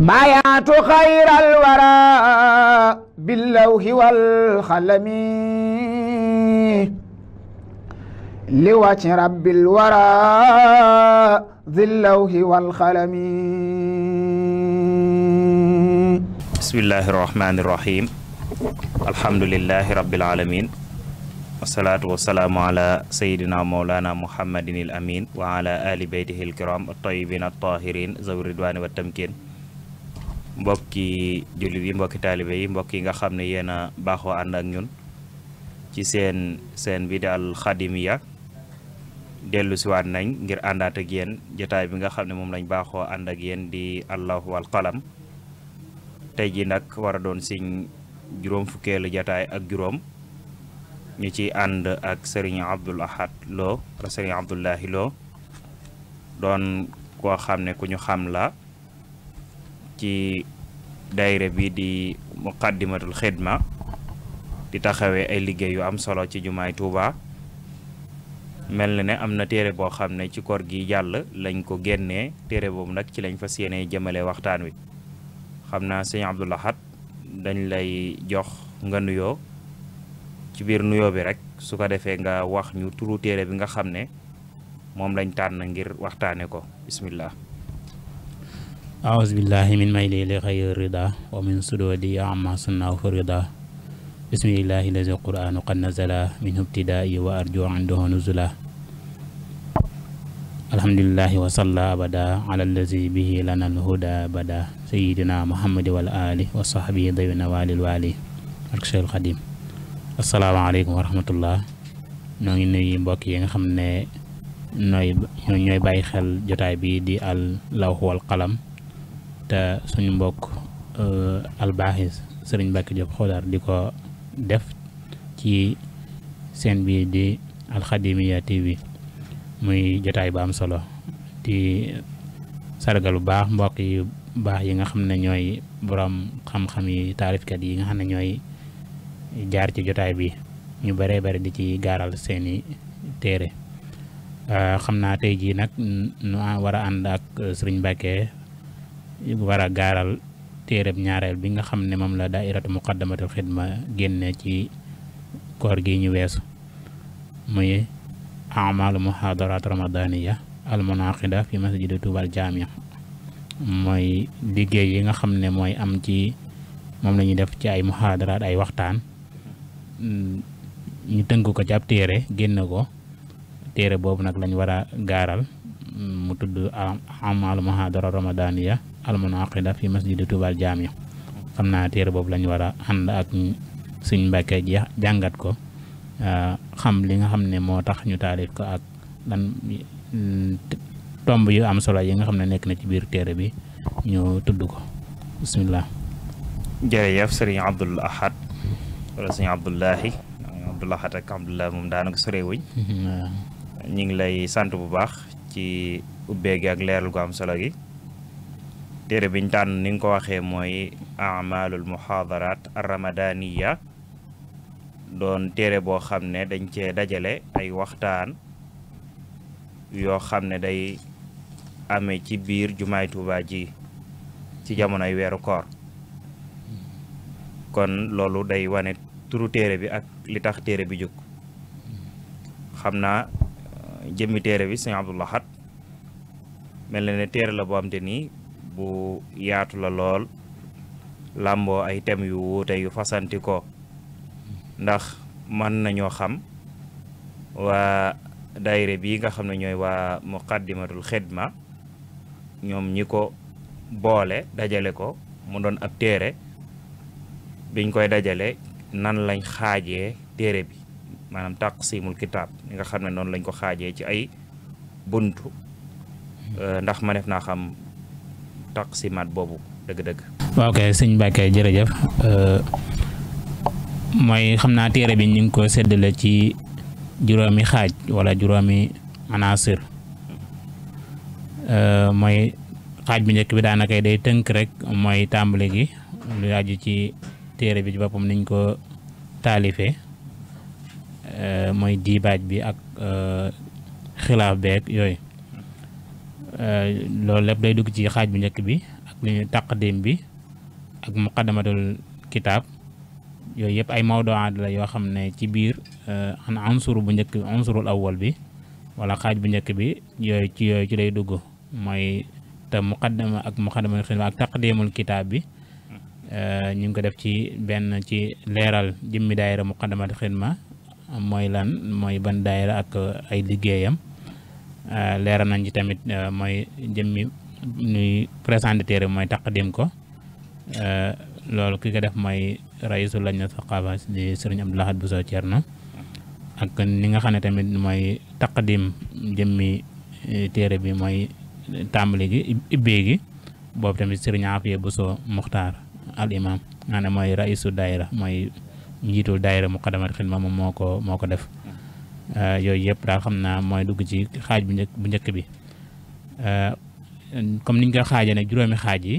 بايعت خير الورى باللوح والخلم لوجه رب الورى ذي اللوح والخلم بسم الله الرحمن الرحيم الحمد لله رب العالمين والصلاة والسلام على سيدنا مولانا محمد الأمين وعلى آل بيته الكرام الطيبين الطاهرين ذوي الرضوان والتمكين mbokki julit yi mbokki talibé yi mbokki nga xamné yena baxo and ak ñun ci seen seen bi dal Al delu ci siwaat nañ ngir andat ak yeen jotaay bi nga xamné mom lañ baxo and ak yeen di Allahu wal qalam tay ji nak wara a doon agrom, juróom fukkeelu jotaay ak juroom ñu ci and ak serigne Abdul Ahad Lo serigne Abdullahi Lo doon ko xamne ku ñu xam la ci daayira bi di muqaddimatul xidma di taxawee ay liggéey yu am solo ci jumaay Touba mel na ne am na téere boo xam ne ci kor gi jàll lañ ko génnee téere boobu nag ci lañ fa yéene jëmale waxtaan wi xam naa sëñ Abdou Lahad dañ lay jox nga nuyoo ci biir nuyoo bi rek su ko defee nga wax ñu turu téere bi nga xam ne moom lañ tànn ngir waxtaane ko bismillah أعوذ بالله من ميلي لغير الرضا ومن سدود عما صنع فرضا بسم الله الذي القرآن قد نزل منه ابتدائي وأرجو عنده نزلا الحمد لله وصلى أبدا على الذي به لنا الهدى بدا سيدنا محمد والآل وصحبه ضيبنا والي الوالي أركشي القديم السلام عليكم ورحمة الله ñoo ngi nuyu mbokk yi nga xam ne nooy ñooy bàyyi xel jotaay te suñu mbokk euh, albaaxis sëriñ Mbacke Diop Xodar di ko def ci seen bi di alxadimiya TV muy jotaay bu am solo di sargal bu baax mbokk yu baax yi nga xam ne ñooy boroom xam-xam yi taarifkat yi nga xam ne ñooy jaar ci jotaay bi ñu bëree bëri di ci gaaral seeni téere euh, xam naa tey jii nu war a ànd ak euh, sëriñ Mbacke wara garal téréb téereb bi nga xamné mom la da'iratu muqaddamatul khidma génné ci koor gi ñu weesu muy a'mal muhadarat ramadaniyah al munaqida fi masjid tubal jami' moy liggéey yi nga xamné moy am ci mom lañu def ci ay muhadarat ay waxtaan mm, ñu tënk ko ci ab téré génné ko téré bobu nak lañ wara garal mu tuddu a'mal muhadarat ramadaniyah munaqida fi masjid tubal jami xamna tere bobu lañ wara a ak suñ mbake jangat ko xam li nga xamne mo tax ñu taalif ko ak lan tomb yu am solo yi nga xamne nek na ci bir tere bi ñu tuddu ko bismillah yef serigne Abdul Ahad wala serigne Abdullahi Abdul Ahad ak Abdullah moom daanaka sore mm-hmm. ñu ñing lay sante bu baax ci ubbee gi ak leral gu am solo gi téere biñ tànn ni ko waxee mooy amalul muhaadaraat arramadaniya doon téere boo xam ne dañ cee dajale ay waxtaan yoo xam ne day ame ci biir jumaay Tuuba ji ci jamonoy weeru koor kon loolu day wane turu téere bi ak li tax téere bi jóg xam naa jëmmi téere bi sëñ Abdul Ahad mel na ne téere la boo am te nii bu yaatu la lool làmbo ay tem yu wuute yu fasanti ko ndax man nañoo xam waa daayira bi nga xam ne ñooy waa muqaddimatul xidma ñoom ñi ko boole dajale ko mu doon ab téere biñ koy dajale nan lañ xaajee téere bi maanaam taqsimul kitaab li nga xam ne noonu lañ ko xaajee ci ay buntu hmm. ndax ma def naa xam taqsimaat boobu dëgg-dëgg. waaw kay sëñ Mbacke jërëjëf euh, mooy xam naa téere bi ñu ngi ko séddale ci juróomi xaaj wala juróomi anaasir euh, mooy xaaj bi njëkk bi daanaka day tënk rek mooy tàmbali gi lu yaaju ci téere bi ci boppam niñ ko taalifee euh, mooy diibaaj bi ak xilaaf beeg yooyu. Euh, loolu lépp day dugg ci xaaj bu njëkk bi ak li ñu taqdim bi ak muqaddamatul kitaab yooyu yëpp ay mawduwaat la yoo xam ne ci biir euh, an ansur bu njëkk bi ansurul awwal bi wala xaaj bu njëkk bi yooyu ci yooyu ci lay dugg mooy te muqaddama ak muqaddamatul kitaab ak taqdimul kitaab bi euh, ñu ngi ko def ci benn ci leeral jëmmi daayira muqaddamatul xidma mooy lan mooy ban daayira ak ay liggéeyam Euh, leeral nañ ci tamit euh, mooy jëmmi nuy présenté téere mooy taqdim ko euh, loolu ki ko def mooy raisu lañ na saqaafa di sëriñ Abdou Lahad Bousso Thierno ak ni nga xam ne tamit moy mooy taqdim jëmmi téere bi mooy tàmbali gi i gi boobu tamit sëriñ Afiya Bousso Muxtaar al imam nga ne mooy raisu daayira mooy njiitul daayira muqaddamat xidma moom moo ko moo ko def Euh, yooyu yëpp daal xam naa mooy dugg ci xaaj bu njëkk bu njëkk bi euh, comme niñ ko xaajee ne juróomi xaaj yi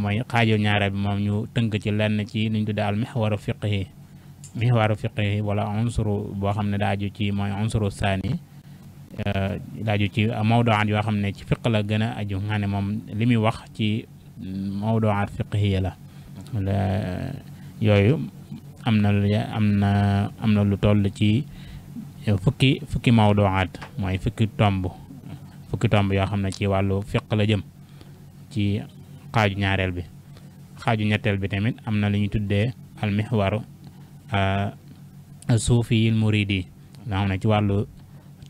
mooy xaajo ñaareel bi moom ñu tënk ci lenn ci daal niñ tuddee al mihwaru fiqhi mihwaru fiqhi wala unsuru boo xam ne daaju ci mooy unsuru saani euh, daaju ci mawduwaat yoo xam ne ci fiq la gën a aju nga ne moom li muy wax ci mawduwaat fiqhiya la yooyu am na am na lu toll ci yow fukki fukki mawduwaat mooy fukki tomb fukki tomb yoo xam na ci wàllu fiq la jëm ci xaaju ñaareel bi xaaju ñetteel bi tamit am na lu ñu tuddee almihwaru suufiyil muridi nga xam ne ci wàllu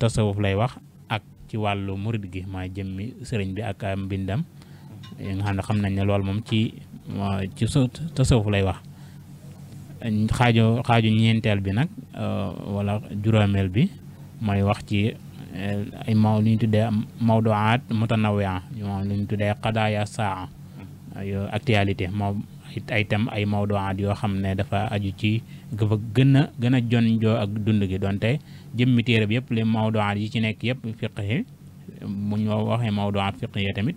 tasawuf lay wax ak ci wàllu murid gi mooy jëmmi sëriñ bi ak mbindam nga xam ne xam nañ ne loolu moom ci ci lay wax xaaju xaaju ñeenteel bi nag euh, wala juróomeel bi mooy wax ci euh, ay maw lu ñu tuddee mawduaat mutanawia moom lu ñu tuddee qadaaya saa yo actualité moom ay thème ay yoo xam ne dafa aju ci dafa gën a gën a jon joo ak dund gi donte jëmmi téere bi yëpp li mawduaat yi ci nekk yëpp fiq yi bu ñu waxee mawduaat fiq yi tamit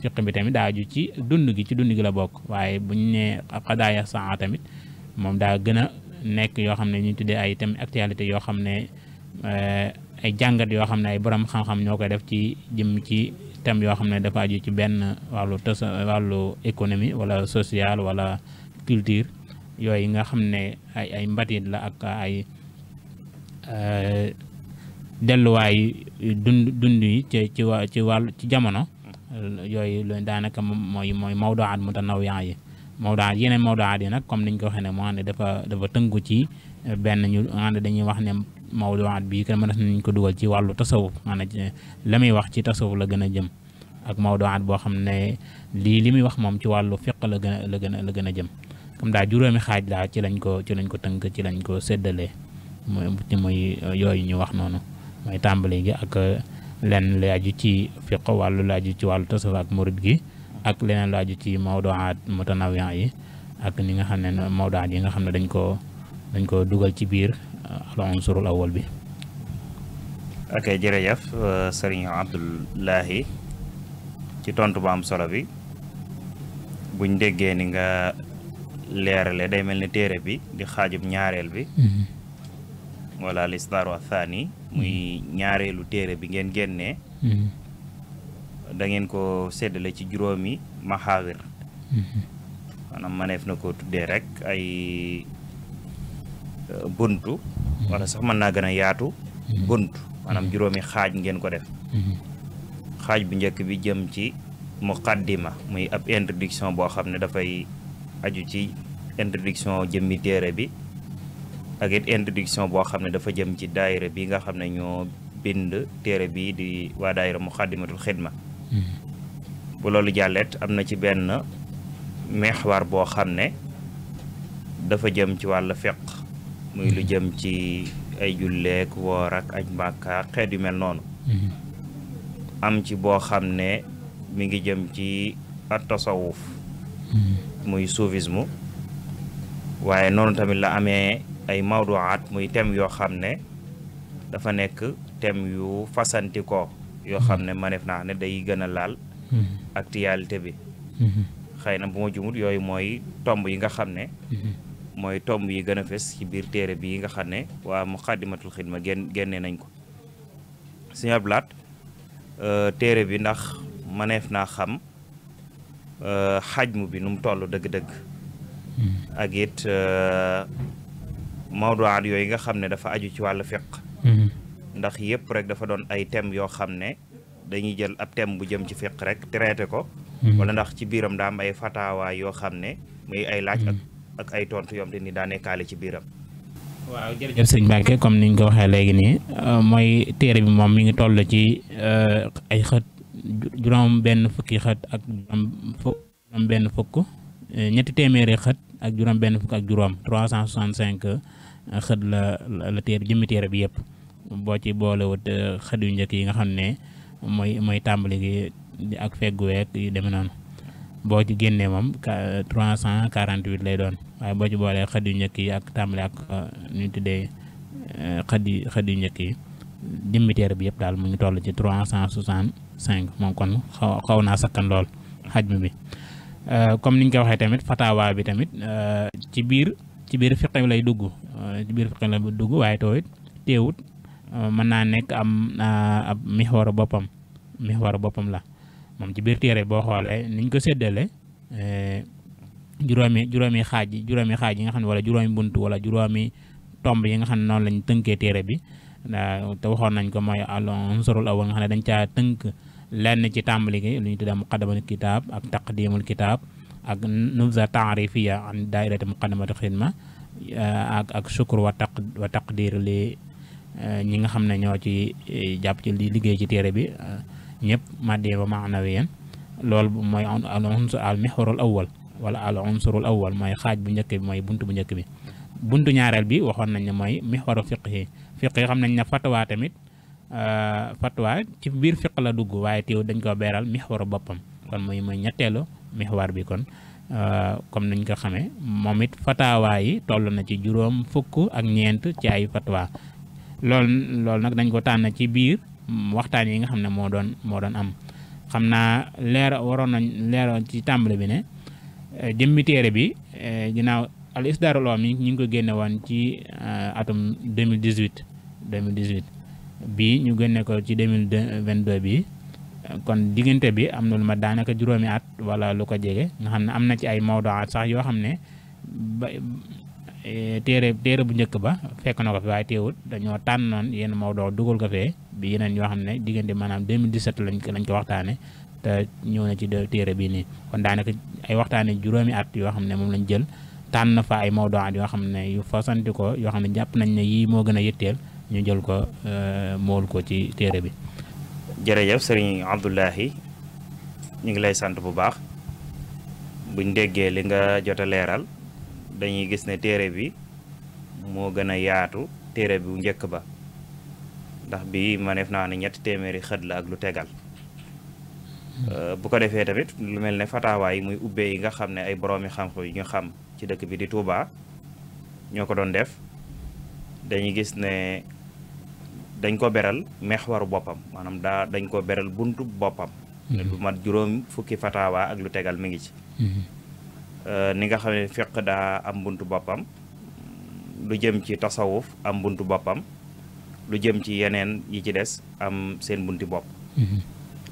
fiq bi tamit daa aju ci dund gi ci dund gi la bokk waaye bu ñu nee qadaaya saa tamit moom daa gën a nekk yoo xam ne ñu tuddee ay thème actualité yoo xam ne euh, ay jàngat yoo xam ne ay borom xam-xam ñoo koy def ci jëm ci thème yoo xam ne dafa aju ci benn wàllu tos wàllu économie wala social wala culture yooyu nga xam ne ay ay la ak ay euh, delluwaay dund dund yi ci ci wàllu ci jamono yooyu daanaka mooy mooy mawduaat mutanawwi'a yi mawdaat yeneen at yi nag comme niñ ko waxee ne moo xam ne dafa dafa tënku ci benn ñu xam ne dañuy wax ne mawduwaat bii kenn mënees nañ ko dugal ci wàllu tasawuf maanaam la muy wax ci tasawuf la gën a jëm ak mawduwaat boo xam ne lii li muy wax moom ci wàllu fiq la gën la gën la gën a jëm comme daal juróomi xaaj daal ci lañ ko ci lañ ko tënk ci lañ ko séddalee mooy ci mooy yooyu ñu wax noonu mooy tàmbali gi ak lenn laaju ci fiq wàllu laaju ci wàllu tasawuf ak murid gi ak leneen laaj aju ci mawduaat mutanawiyan yi ak ni nga xamne ne yi nga xamne dañ ko dañ ko dugal ci biir euh, alon surul awwal bi ok yaf euh, serigne abdullah ci tontu ba am solo bi buñ déggé ni nga léralé day melni téré bi di xajib ñaarel bi mm-hmm. wala al wa thani muy mm-hmm. ñaarelu téré bi ngeen génnee mm-hmm. da ngeen ko séddale ci juróomi maxaawir maanaam maneef na koo tuddee rek ay euh, bunt wala sax mën naa gën a yaatu bunt maanaam juróomi xaaj ngeen ko def xaaj bu njëkk bi jëm ci muqaddima muy ab introduction boo xam ne dafay aju ci introduction jëmmi téere bi ak it boo xam ne dafa jëm ci daayira bi nga xam ne ñoo bind téere bi di waa daayira muqaddimatul xidma bu loolu jàllet am na ci benn meexwaar boo xam ne dafa jëm ci wàll fiq muy lu jëm ci ay julleek woor ak aj mbàkka xeet yu mel noonu am ci boo xam ne mi ngi jëm ci tasawuf muy soufisme waaye noonu tamit la amee ay mawduwaat muy thème yoo xam ne dafa nekk thème yu fasantikoo yoo xam ne manef naa ne day gën a laal mm-hmm. actualité bi mm-hmm. xëy na bu ma jumut yooyu mooy tomb yi nga xam ne mm-hmm. mooy tomb yi gën a fes ci biir téere bi yi nga xam ne waa Muxaddamatul Xidma génn génne nañ ko Sëñ Abdou Lahat euh, téere bi ndax maneef naa xam euh, xaj mu bi nu mu toll dëgg-dëgg ak it euh, mawduwaat yooyu nga xam ne dafa aju ci wàll fiq ndax yëpp rek dafa doon ay thèmes yoo xam ne dañuy jël ab thème bu jëm ci fiq rek traité ko. Hmm. wala ndax ci biiram daa am ay fatawaa yoo xam ne muy ay laaj ak hmm. ak ay tontu yom te ni daa nekkaale ci biiram. waaw jërëjëf sëñ Mbacke comme niñ ko waxee léegi nii euh, mooy téere bi moom mi ngi toll ci euh, ay xët juróom benn fukki xët ak juróom benn fukk euh, ñetti téeméeri xët ak juróom benn fukk ak juróom 365 xët la la téere jëmmi téere bi yëpp. boo ci boolewut euh, xët yu njëkk yi nga xam ne mooy mooy tàmbali gi ak feggu week yu demee boo ci génnee moom trois cent quarante huit lay doon waaye boo ci boolee xët yu njëkk yi ak tàmbali ak euh, ñu tuddee euh, xët yi yu njëkk yi dimbiteer bi yëpp daal mu ngi toll ci trois cent soixante cinq moom kon xaw xaw naa sakkan lool xajma bi comme niñ ko waxee tamit fatawaa bi tamit ci biir ci biir fiqi lay dugg ci biir fiqi lay dugg waaye tawit teewut Euh, mën naa nekk am euh, ab mixwaaru boppam war boppam la moom ci biir téere boo xoole niñ ko séddale eh, juróomi juróomi xaaj yi juróomi xaaj yi nga xam ne wala juróomi bunt wala juróomi tomb yi nga xam ne noonu lañ tënkee téere bi euh, te waxoon nañ ko mooy alonsorul awal nga xam ne dañ caa tënk lenn ci tàmbali gi lu ñu tuddee muqaddamatul kitaab ak taqdimul kitaab ak nubza taarifiya an daairati muqaddamatul xidma ak ak shukur wa taq wa li Eh, ñi nga xam ne ñoo ci eh, jàpp ci li liggéey ci téere bi eh, ñëpp màddee ba maanawiyan loolu mooy al unsur al mihwarul awwal wala al unsurul awwal mooy xaaj bu njëkk bi mooy bunt bu njëkk bi bunt ñaareel bi waxoon nañ ne mooy mihwaru fiq yi fiq yi xam nañ ne fatwa tamit fatwa ci biir fiq la dugg waaye teew dañ ko beeral mihwaru boppam kon mooy mooy ñetteelu mihwar bi kon comme nañ ko xamee moom it fatawa yi toll na ci juróom fukk ak ñeent ci ay fatwa loolu loolu nag dañ ko tànn ci biir waxtaan yi nga xam ne moo doon moo doon am xam naa leer waroon nañ leeroon ci tàmbali bi ne eh, jëmmi téere bi eh, ginnaaw al isdarul am yi ñu ngi ko génne woon ci eh, atum 2018 2018 bii ñu génne ko ci 2022 bii kon diggante bi am na lu ma daanaka juróomi at wala lu ko jege nga xam ne am na ci ay mawduaat sax yoo xam ne Eh, téere téere bu njëkk ba fekk na ko fi waaye teewut dañoo tànnoon yenn Maodo dugal ko fee bi yeneen yoo xam ne diggante maanaam 2017 lañ lañ ko waxtaane te ñëw na ci téere bii nii kon daanaka ay waxtaane juróomi at yoo xam ne moom lañ jël tànn fa ay Maodo at yoo xam ne yu fasanti ko yoo xam ne jàpp nañ ne yii moo gën a yëtteel ñu jël ko eh, mool ko ci téere bi jërëjëf sëriñ Abdoulahi ñu ngi lay sant bu baax buñ déggee li nga jot leeral dañuy gis ne téré bi mo gëna yaatu téré bi bu njëkk ba ndax bi maneef na ne ñetti téméri xëd la ak lu tegal euh, bu ko défé tamit lu ne yi muy ubbé yi nga xamné ay boroomi xam-xam ñu xam ci dëkk bi di Touba ñoko doon def dañuy gis ne dañ ko béral mexwaru bopam manam da dañ ko béral buntu bopam ne mm-hmm. lu mat juroom fukki fatawa ak lu tegal mi ngi ci mm-hmm. Eh, ni nga xamné fiq da am buntu bopam lu jëm ci tasawuf am buntu bopam lu jëm ci yenen yi ci dess am seen bunti bopp mhm.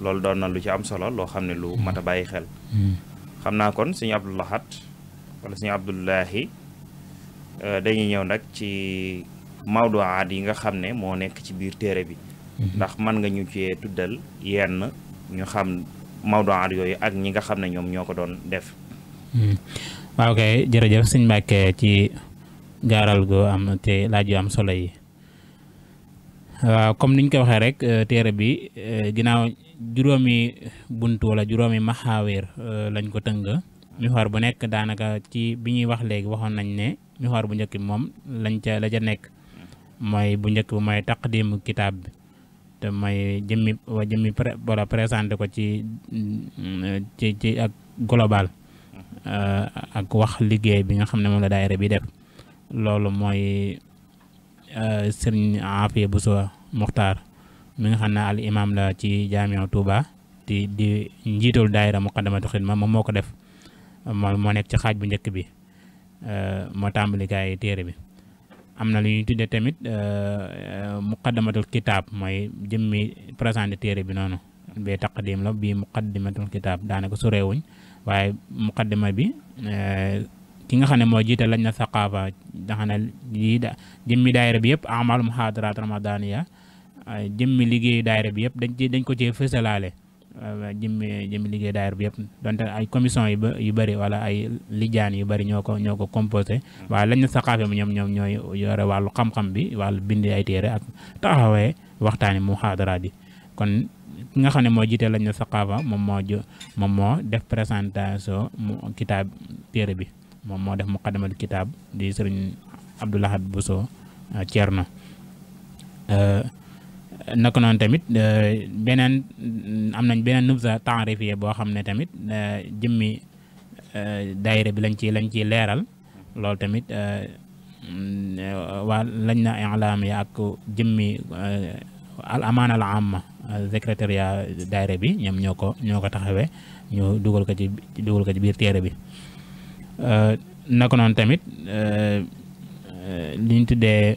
loolu do na lu ci am solo lo xamné ne lu mata a mhm. xel mhm. xam naa kon abdullah hat wala abdullah euh dañuy ñew nak ci mawduwaat yi nga xamné ne nekk ci biir téré bi ndax man nga ñu ci tuddal yenn ñu xam mawduwaat yoy ak ñi nga xamné ñom ñoko doon def Hmm. waaw kay jërëjëf sëñ Mbàkke ci gaaral gu am te laaj yu am solo yi waaw comme niñ ko waxee rek euh, téere bi euh, ginnaaw juróomi bunt wala juróomi maxaawir euh, lañ ko tënk mixoor bu nekk daanaka ci bi ñuy wax léegi waxoon nañ ne mixoor bu njëkk moom lañ ca la ca nekk mooy bu njëkk may mooy taqdimu kitaab bi te mooy jëmmi jëmmi wala présenté ko ci mm, ci ci ak global Euh, ak wax liggéey bi nga xam ne moom la daayira bi def loolu mooy euh, sëriñ Afia Bousso Muxtaar mi nga xam ne al imam la ci jaamiu Touba di di njiitul daayira muqaddamatu xidma moom moo ko def moom moo nekk ci xaaj bu njëkk bi euh, moo tàmbali gaay téere bi am na lu ñuy tuddee tamit muqaddamatul kitaab mooy jëmmi présenté téere bi noonu bee taqdim la bii muqaddimatul kitaab daanaka sorewuñ waaye muqaddima bi eh, ki nga xam ne moo jiite lañ na saqaafa da xam ne da jëmmi bi yëpp amal muhaadaraat ramadaniya eh, jëmmi liggéey daayira bi yëpp dañ ci dañ ko cee fësalaale eh, jëmmi jëmmi liggéey daayira bi yëpp donte ay commission yu yu bëri wala ay lijaan yu bari ñoo ko ñoo ko composé waaye lañ na saqaafa bi ñoom ñoom ñooy yore wàllu xam-xam bi wàllu bindi ay téere ak taxawee waxtaani mu yi bi ki nga xam ne moo jiite lañ na saqaafa moom moo ju moom moo def présentation mu kitaab téere bi moom moo def muqaddamatul kitaab di sëriñ Abdou Lahad Bousso euh, Thierno euh, naka noonu tamit euh, beneen am nañ beneen nubza taarifiye boo xam ne tamit jëmmi daayira bi lañ ci lañ ciy leeral loolu tamit mm, waa lañ na ilaam ya ak jëmmi al amaana al amma secrétariat daayira bi ñoom ñoo ko ñoo ko taxawee ñoo dugal ko ci dugal ko ci biir téere bi euh, naka noonu tamit euh, li ñu tuddee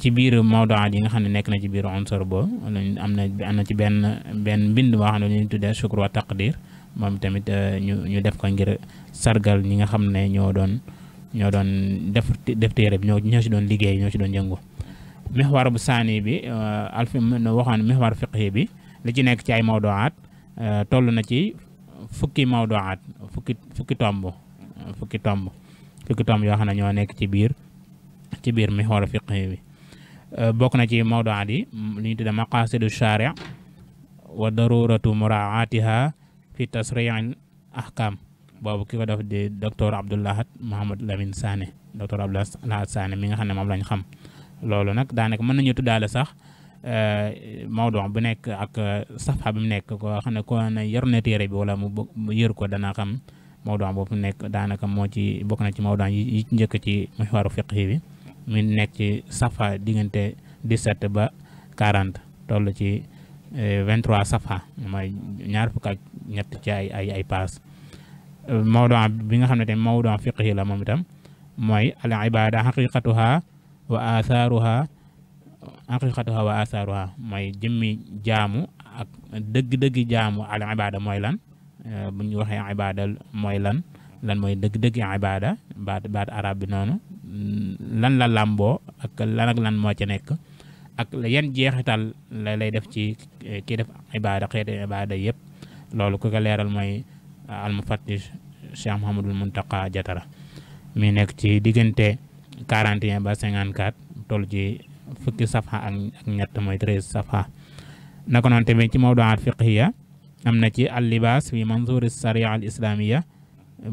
ci biir mawduwaat yi nga xam ne nekk na ci biir unsur boobu am na am na ci benn benn mbind moo xam ne li ñu tuddee shukr wa taqdir moom tamit euh, ñu ñu def ko ngir sargal ñi nga xam ne ñoo doon ñoo doon def def téere bi ñoo ñoo si doon liggéey ñoo ci doon yëngu mihwar bu saani bi alfim nu waxoon mihwar fiqhi bi li ci nekk ci ay mawduwaat toll na ci fukki mawduwaat fukki fukki tomb fukki tomb fukki tomb yoo xam ne ñoo nekk ci biir ci biir mihwar fiqhi bi bokk na ci mawduwaat yi li ñu tudde maqasidu shari wa daruratu muraatiha fi tasriil ahkam boobu ki ko def di docteur Abdoulahat Mohamed Lamine Sané docteur Abdoulahat Sané mi nga xam ne moom lañ xam loolu nag daanaka mën nañu daal sax euh, mawdon bu nekk ak euh, safa bi mu nekk ko xam na ko ne yor na téere bi wala mu yër ko dana xam mawdon boobu nekk daanaka moo ci bokk na ci mawdon yi ci njëkk ci muxwaru fiqhi bi mu nekk ci safa diggante 17 ba quarante toll ci 23 euh, safa mooy ñaar fukk ak ñett ci ay ay ay paas mawdon bi nga xam ne tamit mawdon fiqhi la moom itam mooy al ibada xaqiqatuha wa aasaaruha aqiqatuha wa aasaaruha mooy jëmmi jaamu ak dëgg-dëgg jaamu al ibaada mooy lan eh, bu ñu waxee ibaada mooy lan lan mooy dëgg-dëgg ibaada baat baat arab bi noonu mm, lan la làmboo ak lan lan moo ci nekk ak yan jeexital la lay def ci eh, kii def ibaada xeeti ibaada yëpp loolu ku ko leeral mooy almufattish Cheikh Mouhamadul Muntaka Jatara mi nekk ci diggante 41 ba 54 toll ci fukki safha ak ak ñett mooy 13 safha naka noonu tamit ci mawduaat fiqhiya am na ci al libaas fi mansuuri saria al islamiya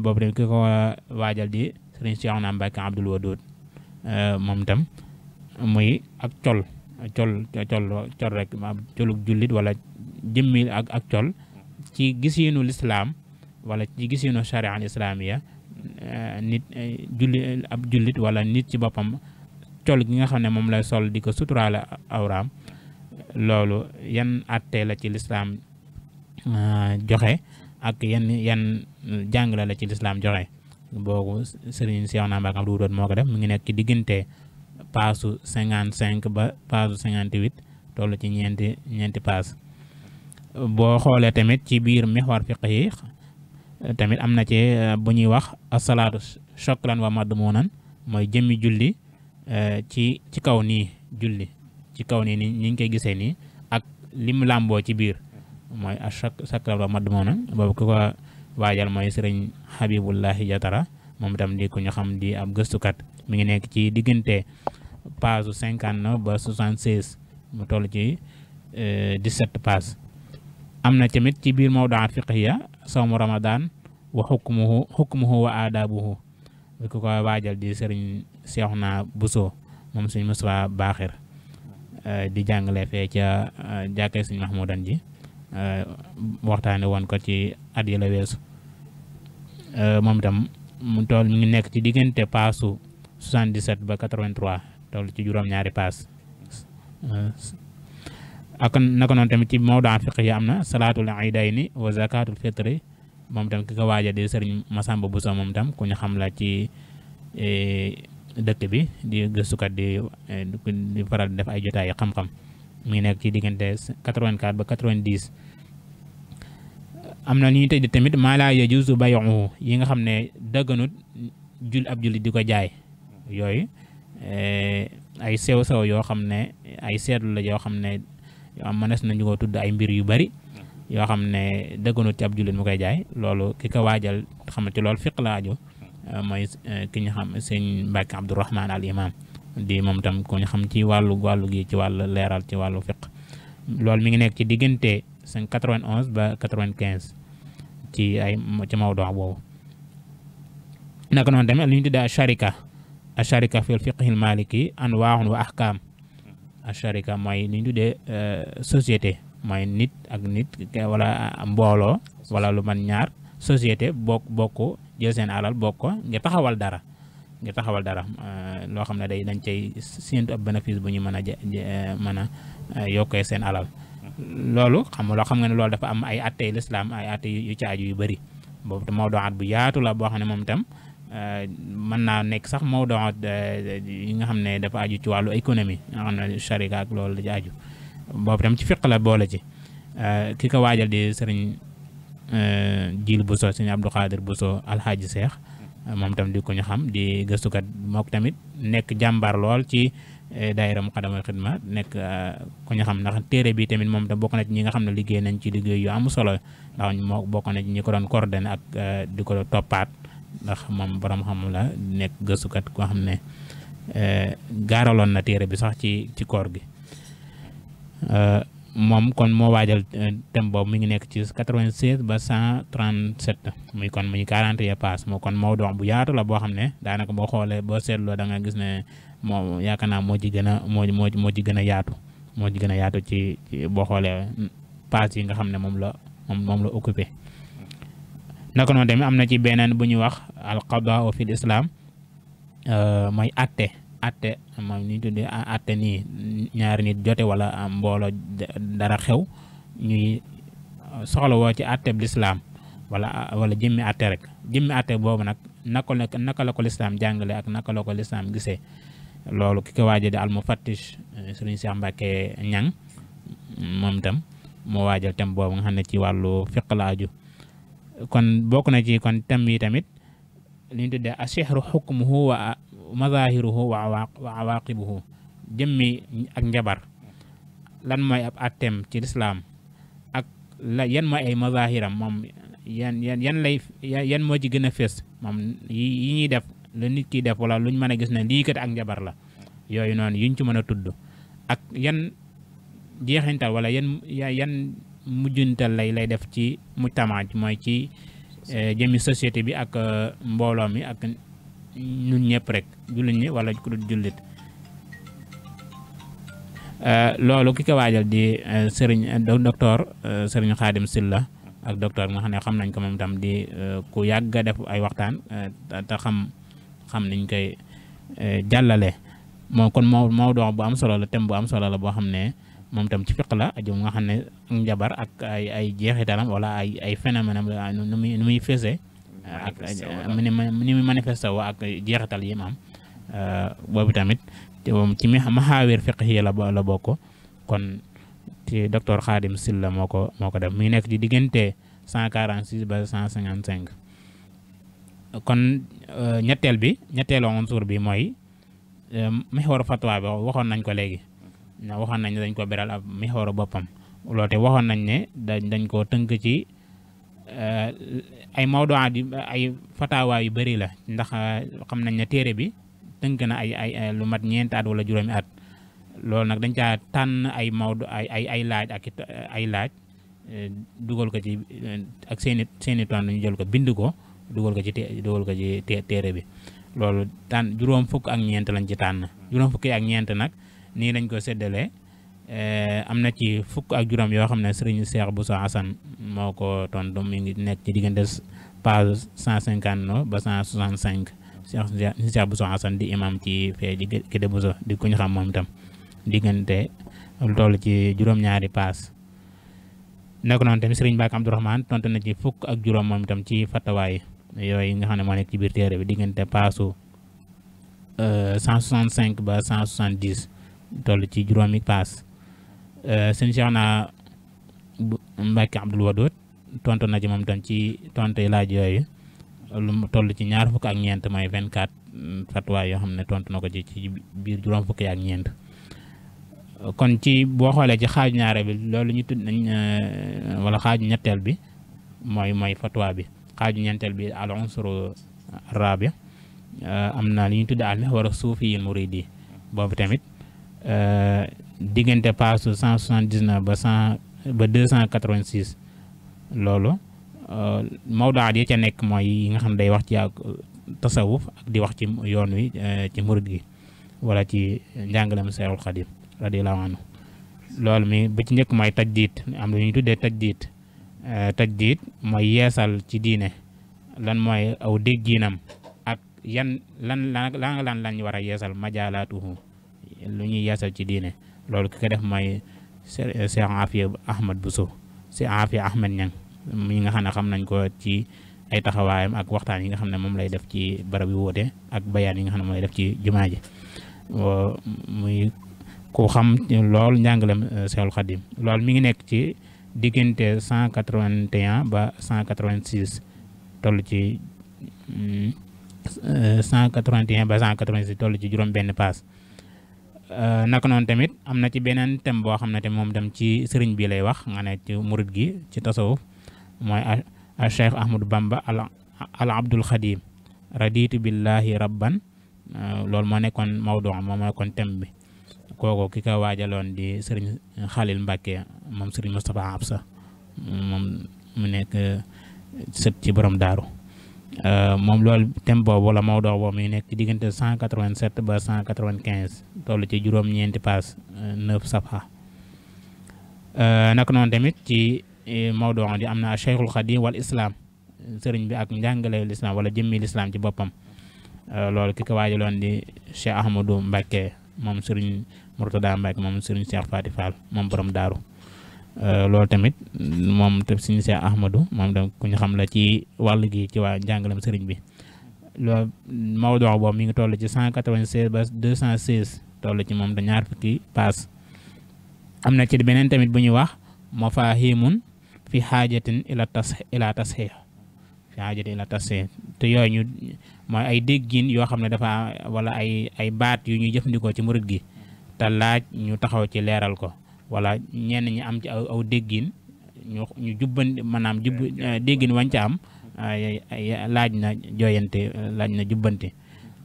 boobu tamit waajal di sëriñ Cheikhouna Mbacke Abdoul Wadoud euh, moom tam muy ak col col col col rek wala jëmmi ak ak col ci gisiinu lislaam wala ci gisiinu sharia al Eh, nit eh, julli eh, ab julit wala nit ci bopam ciol gi nga xamne mom lay sol diko sutura suturaale awraam yan atté la ci l'islam joxé ak yan yan jang la ci l'islam joxé bogo Serigne Cheikh Oumar Mbacké Abdou Wadoud moo def mu ngi nek ci digënté passu 55 ba passu 58 tollu ci ñenti ñenti pass bo xolé tamit ci biir mihwar fiqih tamit amna ci euh, buñuy wax as-salatu shukran wa madmunan moy jëmi julli euh, ci ci kaw ni julli ci kaw ni ni ngi koy ak lim lambo ci bir moy a shokran wa madmunan bobu ko waajal moy serigne habibullah Jatara mom tam di ko ñu xam di ab kat mi ngi nekk ci diggante page 59 ba soixante mu toll ci 17 page amna tamit ci bir fiqhiya sawmu ramadan wa xukmuhu xukmuhu wa aadaabuhu bi ku ko waajal di sëriñ Seexuna Buso moom suñ Musaa Baaxir di jàngale fee ca eh, jàkkee suñ Mahmudan ji eh, waxtaane woon ko ci at yi eh, moom itam mu tool mi nekk ci diggante paasu 77 ba 83 toll ci juróom-ñaari paas ak naka noonu tamit ci mawdaan fiq yi am na salaatul iidayni wa zakatul fitri moom tam ki ko waaja di sëriñ Masamba Bousso moom tam ku ñu xam la ci e, dëkk bi di gëstukat di e, di faral def ay jotaay xam-xam mu ngi nekk ci diggante 84 ba 90 am na lu te tëj tamit maa laa yajuuzu bay'uhu yi nga xam ne dëgganut jul ab jullit di ko jaay yooyu e, ay sew sew yoo xam ne ay seetlu la yoo xam ne yoo mënees nañu ko tudd ay mbir yu bari yoo xam ne dëgganut ci ab jullit mu koy jaay loolu ki ko waajal xam ci loolu fiq laaju euh, mooy euh, ki ñu xam sëñ Mbàkke Abdourahman al imam di moom tam ku ñu xam ci wàllu wàllu gi ci wàllu leeral ci wàllu fiq loolu mi ngi nekk ci diggante cinq quatre ba quatre-vingt-quinze ci ay ci mawdu boobu naka noonu tamit li ñu tuddee asharika asharika fil fiqhil maliki anwaahun wa ahkaam asharika mooy li ñu tuddee euh, société mooy nit ak nit wala mbooloo wala lu man ñaar société bokk bokk jël seen alal bokk ko nga taxawal dara nga taxawal dara euh, loo xam ne day dañ cay séentu ab bénéfice bu ñu mën a mën a euh, yokkee seen alal loolu xam loo xam nga ne loolu dafa am ay attey lislaam ay atte yu caaju yu bëri boobu te boo xam ne moom tam Euh, mën naa nekk sax Maodo ñi euh, euh, nga xam ne dafa aju ci wàllu économie nga xam ne sharika ak loolu la ci aju boobu tam ci fiq la boole ci ki ko waajal di sëriñ Jiil Buso sëriñ Abdou Khadir Buso Alxaaji Seex moom tam di ko ñu xam di gëstukat mook tamit nekk jàmbaar lool ci daayira Muqaddamatul Xidma nekk ku ñu xam ndax téere bi tamit moom tam bokk na ci ñi nga xam ne liggéey nañ ci liggéey yu am solo ndax moo bokk ci ñi ko doon coordonné ak di ko toppaat ndax moom borom xam la nekk gëstukat koo xam ne eh, gaaraloon na téere bi sax ci ci koor gi eh, moom kon moo waajal eh, thème boobu mi ngi nekk ci 96 ba 137 muy kon muy 40 pass moo kon moo dox bu yaatu la boo xam ne daanaka boo xoolee boo seetloo da nga gis ne moom yaakaar naa moo ci gën a moo moo moo ci gën a yaatu moo ci gën a yaatu ci boo xoolee pass yi nga xam ne moom la moom moom la occupé naka noonu tamit am na ci beneen bu ñuy wax alqada fil islam euh, mooy atte atte mooy ñu tuddee atte ñaari nit jote wala mbooloo dara xew ñuy soxla woo ci atte bi lislaam wala wala jëmmi atte rek jëmmi ate boobu nag naka la naka la ko lislaam jàngale ak naka la ko lislaam gisee loolu ki ko waaje di almufattish euh, sëriñ Cheikh Mbacke ñang moom itam moo waajal tem boobu nga xam ne ci wàllu fiq la aju kon bokk na ci kon tam yi tamit li ñu tuddee asihru xukmuhu wa mazahiruhu wa awaqibuhu jëmmi ak njabar lan mooy ab atteem ci lislaam ak la yan mooy ay mazahiram moom yan yan yan lay yan moo ci gën a fees moom yi ñuy def lu nit kiy def wala luñ mën a gis ne lii ak njabar la yooyu noonu yuñ ci mën a tudd ak yan jeexintal wala yan mujjantal lay lay def ci tamaat mooy ci eh, jëmmi société bi ak eh, mbooloo mi ak ñun ñëpp rek jullit ñi wala ku dul jullit eh, loolu ki ko waajal di sëriñ docteur sëriñ Xaadim Silla ak docteur nga xam ne xam nañ ko moom tam di ku yàgg a def ay waxtaan te xam xam niñ koy jàllale moo kon moom moo dox bu am solo la thème bu am solo la boo xam ne moom tam ci fiq la aju nga xam ne njabar ak ay ay jeexitalam wala ay ay phénomène am nu muy nu muy fese ak ni muy manifesté woo ak jeexital yi mu am euh, boobu tamit ci maxaawir fiq yi la la bokk kon ci docteur Khadim Sylla moo ko moo ko def mu ngi nekk ci diggante 146 ba 155 kon euh, ñetteel bi ñetteelu unsur bi mooy euh, mexwar fatwa bi waxoon nañ ko léegi waxoon nañ ne dañ ko beral ab mixooru boppam loolu te waxoon nañ ne dañ dañ koo tënk ci eh, ay mawduwaat yu ay fatawaa yu bëri la ndax eh, xam nañ ne téere bi tënk na ay ay lu mat ñeenti at wala juróomi at loolu nag dañ caa tànn ay mawdu ay ay ay laaj ak eh, ay laaj dugal ko ci ak seeni seeni ton ñu jël ko bind ko dugal ko ci dugal ko téere bi loolu tànn juróom fukk ak ñeent lañ ci tànn juróom fukki ak ñeent nag nii lañ ko séddalee eh, am na ci fukk ak juróom yoo xam ne sëriñ Cheikh Bousso Assane moo ko ton mi ngi nekk ci diggante page 159 ba 165 Cheikh Cheikh Bousso Assane di imam ci fee di Guédé Bousso di xam moom itam diggante lu toll ci juróom-ñaari paas nekk noonu tamit sëriñ Mbacke Abdourahmane tontu na ci fukk ak juróom moom itam ci fatawaay yooyu nga xam ne moo nekk ci biir téere bi diggante paasu 165 eh, ba 170 toll ci juróomi paas euh, sëñ Cheikh naa Mbacke Abdoul Wadoud tontu na ci moom tam ci tontu laaj yooyu lu mu toll ci ñaar fukk ak ñeent mooy vingt quatre mm, fatwa yoo xam ne tontu na ko ci ci biir juróom fukk ak ñeent. kon ci boo xoolee ci xaaju ñaare bi loolu ñu tudd nañ euh, wala xaaju ñetteel bi mooy mooy fatwa bi xaaju ñeenteel bi al unsuru rabi euh, am na li ñu tudd al mihwaru suufi yi muridi boobu tamit. Euh, diggante paasu cent soixante dix neuf ba cent ba deux cent quatre vingt six loolu euh, mawdaat yi ca nekk mooy yi nga xam ne day wax ci ak euh, tasawuf ak di wax ci yoon wi ci murid gi wala ci njàngalem Seexul Xadim radiyallaahu anhu loolu mi ba ci njëkk mooy tajdiit am lu ñuy tuddee tajdiit tajdiit mooy yeesal ci diine lan mooy aw dégginam ak yan lan lan lan lan lañ war a yeesal majaalaatuhu lu ñuy yeesal ci diine loolu ki ko def mooy euh, Cheikh Afia Ahmed Bousso Cheikh Afia Ahmed Niang mi nga xam ne xam nañ ko ci ay taxawaayam ak waxtaan yi nga xam ne moom lay def ci barab yu wóote ak bayaan yi nga xam ne moom lay def ci jumaa ji muy ku xam lool njàngalem Seexul euh, Xadim loolu mi ngi nekk ci diggante 181 ba 186 toll ci 181 mm, euh, ba 186 toll ci juróom benn paas Euh, naka noonu tamit am na ci beneen thème boo xam ne tamit moom dem ci sëriñ bi lay wax nga ne ci murid gi ci tasawuf mooy a cheikh ahmadou bamba al abdul xadim raditu billahi rabban euh, loolu moo nekkoon mawduu moom moo nekkoon thème bi kooku ki ko waajaloon di sëriñ xalil mbàkke moom sëriñ moustapha absa moom mu nekk sët ci borom daaru Euh, moom lool thème boobu wala Maodo boobu mi nekk ci diggante 187 ba 195 toll ci juróom-ñeenti paas euh, neuf safha euh, naka noonu tamit ci eh, Maodo di am na Cheikhul Khadim wal islam sëriñ bi ak njàngale lislaam wala jëmmi lislaam ci boppam loolu ki ko waajaloon di Cheikh Ahmadou Mbacke moom sëriñ Mourtada Mbacke moom sëriñ Cheikh Fati Fall moom borom daaru Euh, loolu tamit moom te suñu Cheikh Ahmadou moom tam ku ñu xam la ci wàll gi ci waa njàngalam sëriñ bi loolu Maodo wax boobu mi ngi toll ci cent quatre vingt ba deux cent seize toll ci moom da ñaar fukki paas am na ci beneen tamit bu ñuy wax moo mafahimun fi xaajatin ila tas ila tasxiix fi xaajatin ila te yooyu ñu mooy ay déggin yoo xam ne dafa wala ay ay baat yu ñuy jëfandikoo ci murit gi te laaj ñu taxaw ci leeral ko wala ñenn ñi am ci aw aw déggin ñu ñu jubban maanaam jub déggin wañ eh, ca am laaj na jooyante laaj na jubbante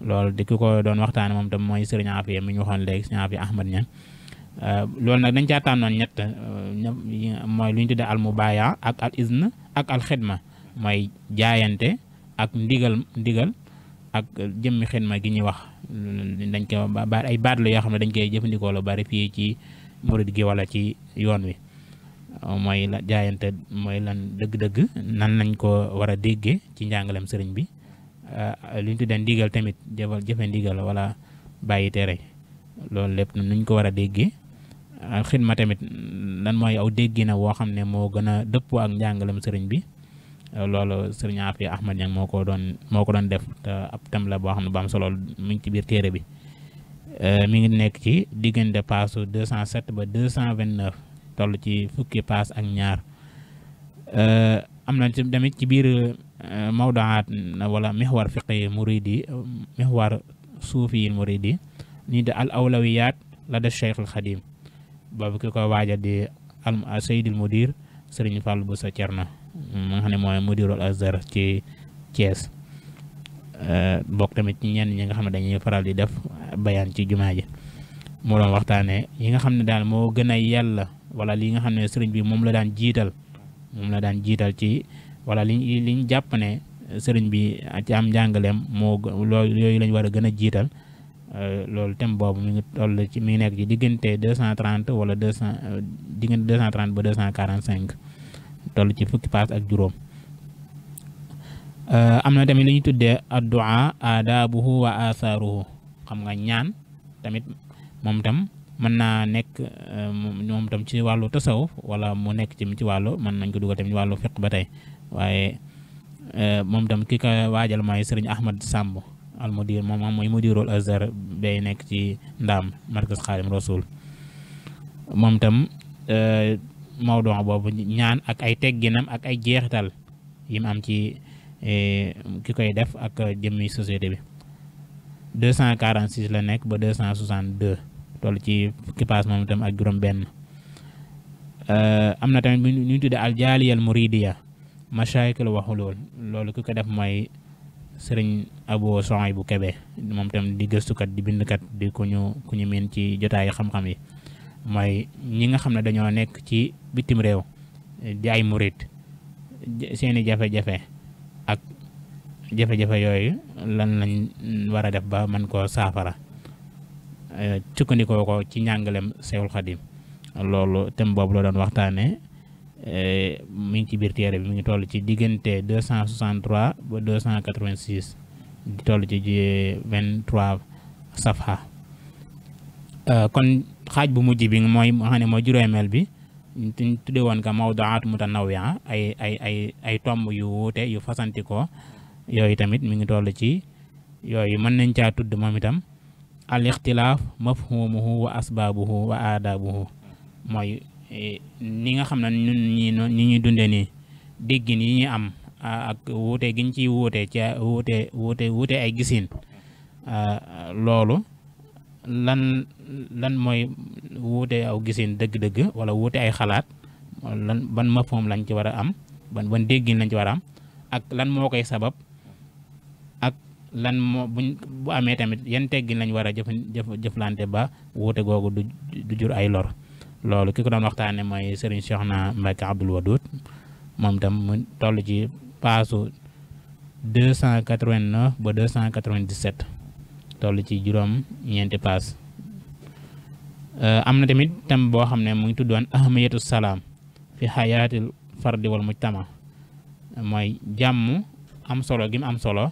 loolu di ki ko doon waxtaan moom tam mooy sëriñ Afia mi ñu waxoon léegi sëriñ Afia Ahmad ña eh, loolu nag dañ caa tànnoon ñett eh, mooy lu ñu tuddee al mubaaya ak al izn ak al xidma mooy jaayante ak ndigal ndigal ak jëmmi xidma gi ñuy wax dañ ko baat ay baat yoo xam ne dañ koy jëfandikoo lu bari fii ci murid gi wala ci yoon wi uh, mooy la jaayante mooy lan dëgg-dëgg nan lañ ko war a déggee ci njàngalem sëriñ bi uh, li ñu tuddee ndigal tamit jëfal jëfe ndigal wala bàyyi tere loolu lépp nuñ ko war a déggee uh, xidma tamit lan mooy aw déggi na woo xam ne moo gën a dëppoo ak njàngalem sëriñ bi loolu sëriñ Afi Ahmad Ñang moo ko doon moo ko doon def te ab tam la boo xam ne ba am solo mu ngi ci biir téere bi Euh, mi ngi nekk ci diggante paasu 207 ba 229 toll ci fukki paas ak ñaar euh, am na ci ci biir euh, mawdaat wala mihwar fiqi muridi mihwar suufi muridi nii de al awlawiyaat la de Cheikh al Xadim boobu ki ko waaja di al Seydil Mudir Serigne Fall bu sa Cerno mu nga mooy mudirul Azhar ci Thiès mbokk euh, tamit ci ñenn ñi nga xam ne dañuy faral di def bayaan ci jumaa ji moo doon waxtaanee yi nga xam ne daal moo gën a yàlla wala li nga xam ne sëriñ bi moom la daan jiital moom la daan jiital ci wala li li ñu jàpp ne sëriñ bi ci am njàngaleem moo loolu yooyu lañ war a gën a jiital euh, loolu tem boobu mi ngi toll ci mu nekk ci diggante deux cent trente wala deux cent diggante deux cent trente ba deux cent quarante cinq toll ci fukki paas ak juróom. Euh, am na tamit li ñu tuddee addua aadaabuhu wa aasaaruhu xam nga ñaan tamit moom tam mën naa nekk euh, moom tam ci wàllu tasawuf wala mu nekk ci ci wàllu mën nañ ko dugal tamit ci wàllu fiq ba tey waaye euh, moom tam ki ko waajal mooy sëriñ Ahmad Samb al mudir moom mooy mudirul Azhar nekk ci ndam markas Xaadim Rasul moom tam mawduu boobu ñaan ak ay tegginam ak ay jeexital yim am ci ki koy def ak jëmmi société bi cent 246 la nekk ba cent 262 toll ci fukki paas moom ak juróom-benn euh, am na tamit bu ñu tuddee aljaliyal muridiya machaayik la waxu lool loolu ki ko def mooy sëriñ Abo Soxay bu Kebe moom tam di gëstukat di bindkat di ku ñu ku ñu miin ci jotaayu xam-xam yi mooy ñi nga xam ne dañoo nekk ci bitim réew di ay seeni jafe-jafe. ak jafe-jafe yoy lan lañ wara def ba man ko safara ci eh, ko ko ci njàngalem Seexul Xadim loolu thème boobu la doon euh eh, mi ngi ci bir téere bi mi ngi toll ci diggante 263 ba 286 di toll ci 23 safha euh kon xaj bu mujj bi mooy xam ne mooy juróomeel bi tudde woon nga mawduaat mutanawia ay ay ay ay tomb yu wuute yu fasanti ko yooyu tamit mu ngi toll ci yooyu mën nañ caa tudd moom itam al ixtilaaf mafhumuhu wa asbaabuhu wa aadaabuhu mooy e, ni nga xam ne ñun ñi ñi dundee nii déggin yi ñuy am ak wuute gi ci ciy ca wuute wuute wuute ay gisin loolu lan lan mooy wuute aw gisin dëgg-dëgg wala wuute ay xalaat lan ban mafoom lañ ci war a am ban ban déggin lañ ci war a am ak lan moo koy sabab ak lan moo buñ bu amee tamit yan teggin lañ war a jëf jëflante ba wuute googu du du jur ay lor loolu ki ko doon waxtaane mooy Serigne Cheikhna Mbacké Abdoul Wadoud moom tam mu toll ci paasu 289 ba 297 tollu ci juroom ñeenti pass euh amna tamit tam bo xam mu ngi tuddoon ahamiyatu salam fi hayatil fardi wal mujtama moy jamm am solo gi am solo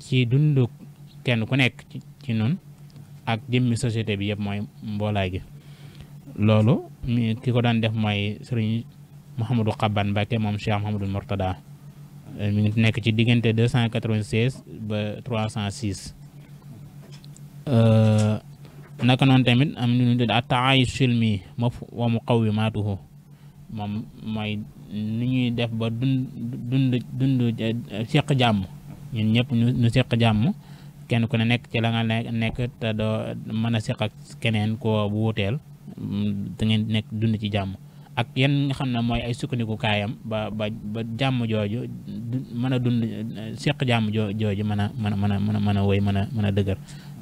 ci dundu kenn ku nek ci nun ak jëmmi société bi yëpp moy mbolay gi lolu ki ko daan def moy serigne Mouhamadou Xaban Mbacke mom Cheikh Mouhamadou murtada eh, mi ngi ci diggante 296 ba 306 Euh, naka noonu tamit am na lu ñu tudd ak taayus silmi ma wa muqawimaatuhu moom mooy nu ñuy def ba dund dund dund eh, seq jàmm ñun ñëpp ñu seq jàmm kenn ku ne nekk ci la nga nekk mën a seq ak keneen koo bu wuteel da ngeen nekk dund ci jàmm ak yan xam ne mooy ay sukkandiku kaayam ba ba jàmm jooju mën a dund eh, seq jàmm jooju mën a mën a mën a mën a mën a wéy mën a mën a dëgër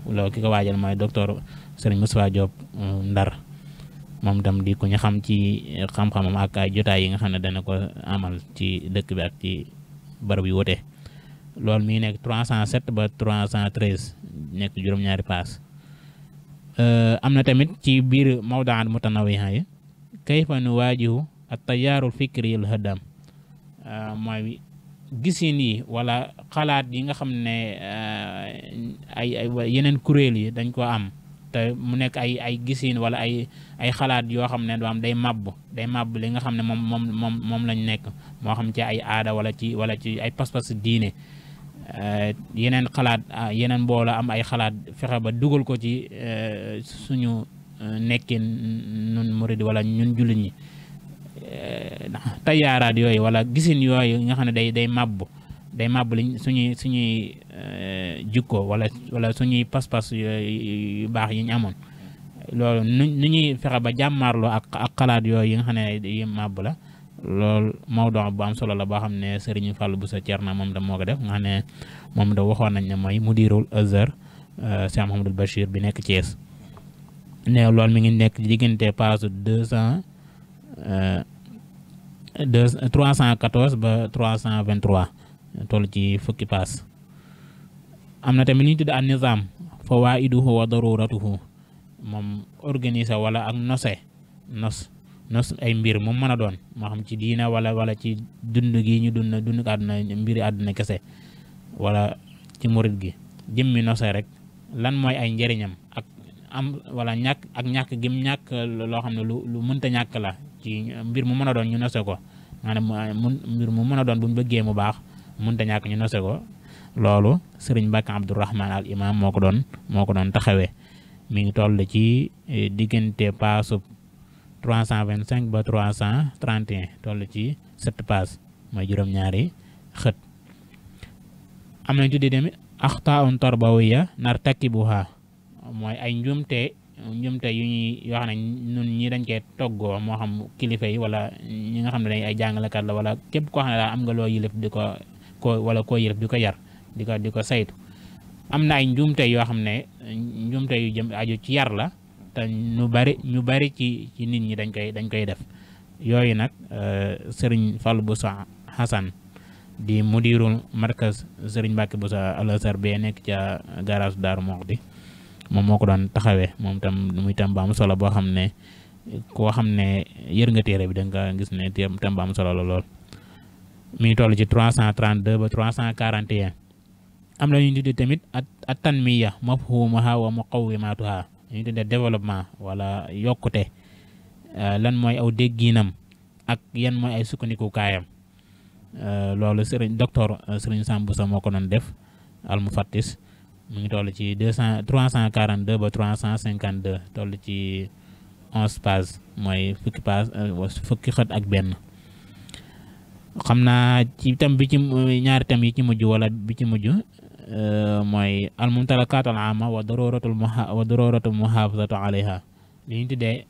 loolu ki ko waajal mooy docteur Serigne Moustapha Diop uh, Ndar moom itam di ku ñu xam ci xam-xamam jotaay yi nga xam ne dana ko amal ci dëkk bi ak ci barab yu wute loolu mi ngi nekk 307 ba 313 nekk juróom-ñaari paas uh, am na tamit ci biir mawdaat mutanawiha yi kayfa nu waajihu at tayaarul fikri al hadam uh, mooy gisin yi wala xalaat yi nga xam ne eh, ay ay yeneen kuréel yi dañ ko am te mu nekk ay ay gisin wala ay ay xalaat yoo xam ne daam day màbb day màbb li nga xam ne moom moom moom moom lañ nekk moo xam ci ay aada wala ci wala ci ay pas-pas diine eh, yeneen xalaat ah, yeneen mbooloo am ay xalaat fexe ba dugal ko ci eh, suñu nekkin nun murid wala ñun jullit ñi Eh, tayaaraat yooyu wala gisin yooyu nga xam ne day day màbbu day màbbu lañ suñuy suñuy eh, jikko wala wala suñuy pas-pas yu baax yi amoon loolu nu ñuy fexe ba jàmmaarloo ak ak xalaat yooyu yi nga xam ne yi màbbu la lool loolu mawduu bu am solo la boo xam ne bu Fallou Bousso Thierno moom da moo ko def nga xam ne moom da waxoon nañ ne mooy mudirul Azhar eh, Cheikh Mouhamadoul Bachir bi nekk Thiès ne loolu mi ngi nekk diggante page deux cent deux trois cent quatorze ba trois cent vingt trois toll ci fukki paas am na tamit li ñu tudd an nizaam fawaa'iduhu wa daruratuhu moom organiser wala ak nose nos nos ay mbir mu mën a doon moo xam ci diina wala wala ci dund gi ñu dund dund àdduna mbiri àdduna kese wala ci murit gi jëmmi nose rek lan mooy ay njëriñam ak am wala ñàkk gim ñàkk loo xam ne lu mënta ñàkk la ci mbir mu mën a doon ñu nose ko maanaam ah, mun mbir mu mën a doon bu ñu bëggee mu baax mënta ñàkk ñu nose ko loolu sëriñ Mbàkke Abdourahman al imam moo ko doon moo ko doon taxawee mi ngi toll ci eh, diggante paasub 325 ba 331 toll ci sept paas mooy juróom-ñaari xët am nañ tuddee tamit axtaa un tarbawiya nar takkibuha mooy ay njuumte njumte yu ñuy yoo xam ne ñun ñii dañ koy toggoo moo xam kilifa yi wala ñi nga xam ne ay jàngalekat la wala képp koo xam ne daal am nga loo yilif di ko wala koo yilif di ko yar di ko di ko saytu am na ay njuumte yoo xam ne njumte yu jëm aju ci yar la te ñu bari ñu bari ci ci nit ñi dañ koy dañ koy def yooyu nag euh, sëriñ Fallou Boussa di mudirul markaz sëriñ Mbacke Boussa Alassar bee nekk ca garage Darou Mouhty moom moo ko doon taxawee moom tam muy tam ba solo boo xam ne koo xam ne yër nga téere bi da nga gis ne tam ba am solo la lool. mi ngi toll ci 332 ba 341 am la ñuy tuddee tamit a at at tanmiya mafhumaha wa muqawwimatuha ñu tuddee développement wala yokkute euh, lan mooy aw dégginam ak yan mooy ay sukkandiku kaayam euh, loolu sëriñ docteur euh, seriñ Samb sa moo ko doon def al mufattis mu ngi toll ci deux cent ba 352 cent toll ci 11 pages moy fukki page fukki xët ak ben xamna ci tam bi ci ñaar tam yi ci muju wala bi ci muju euh moy al ama wa daruratul muha wa daruratul muhafazatu alayha li ñu tuddee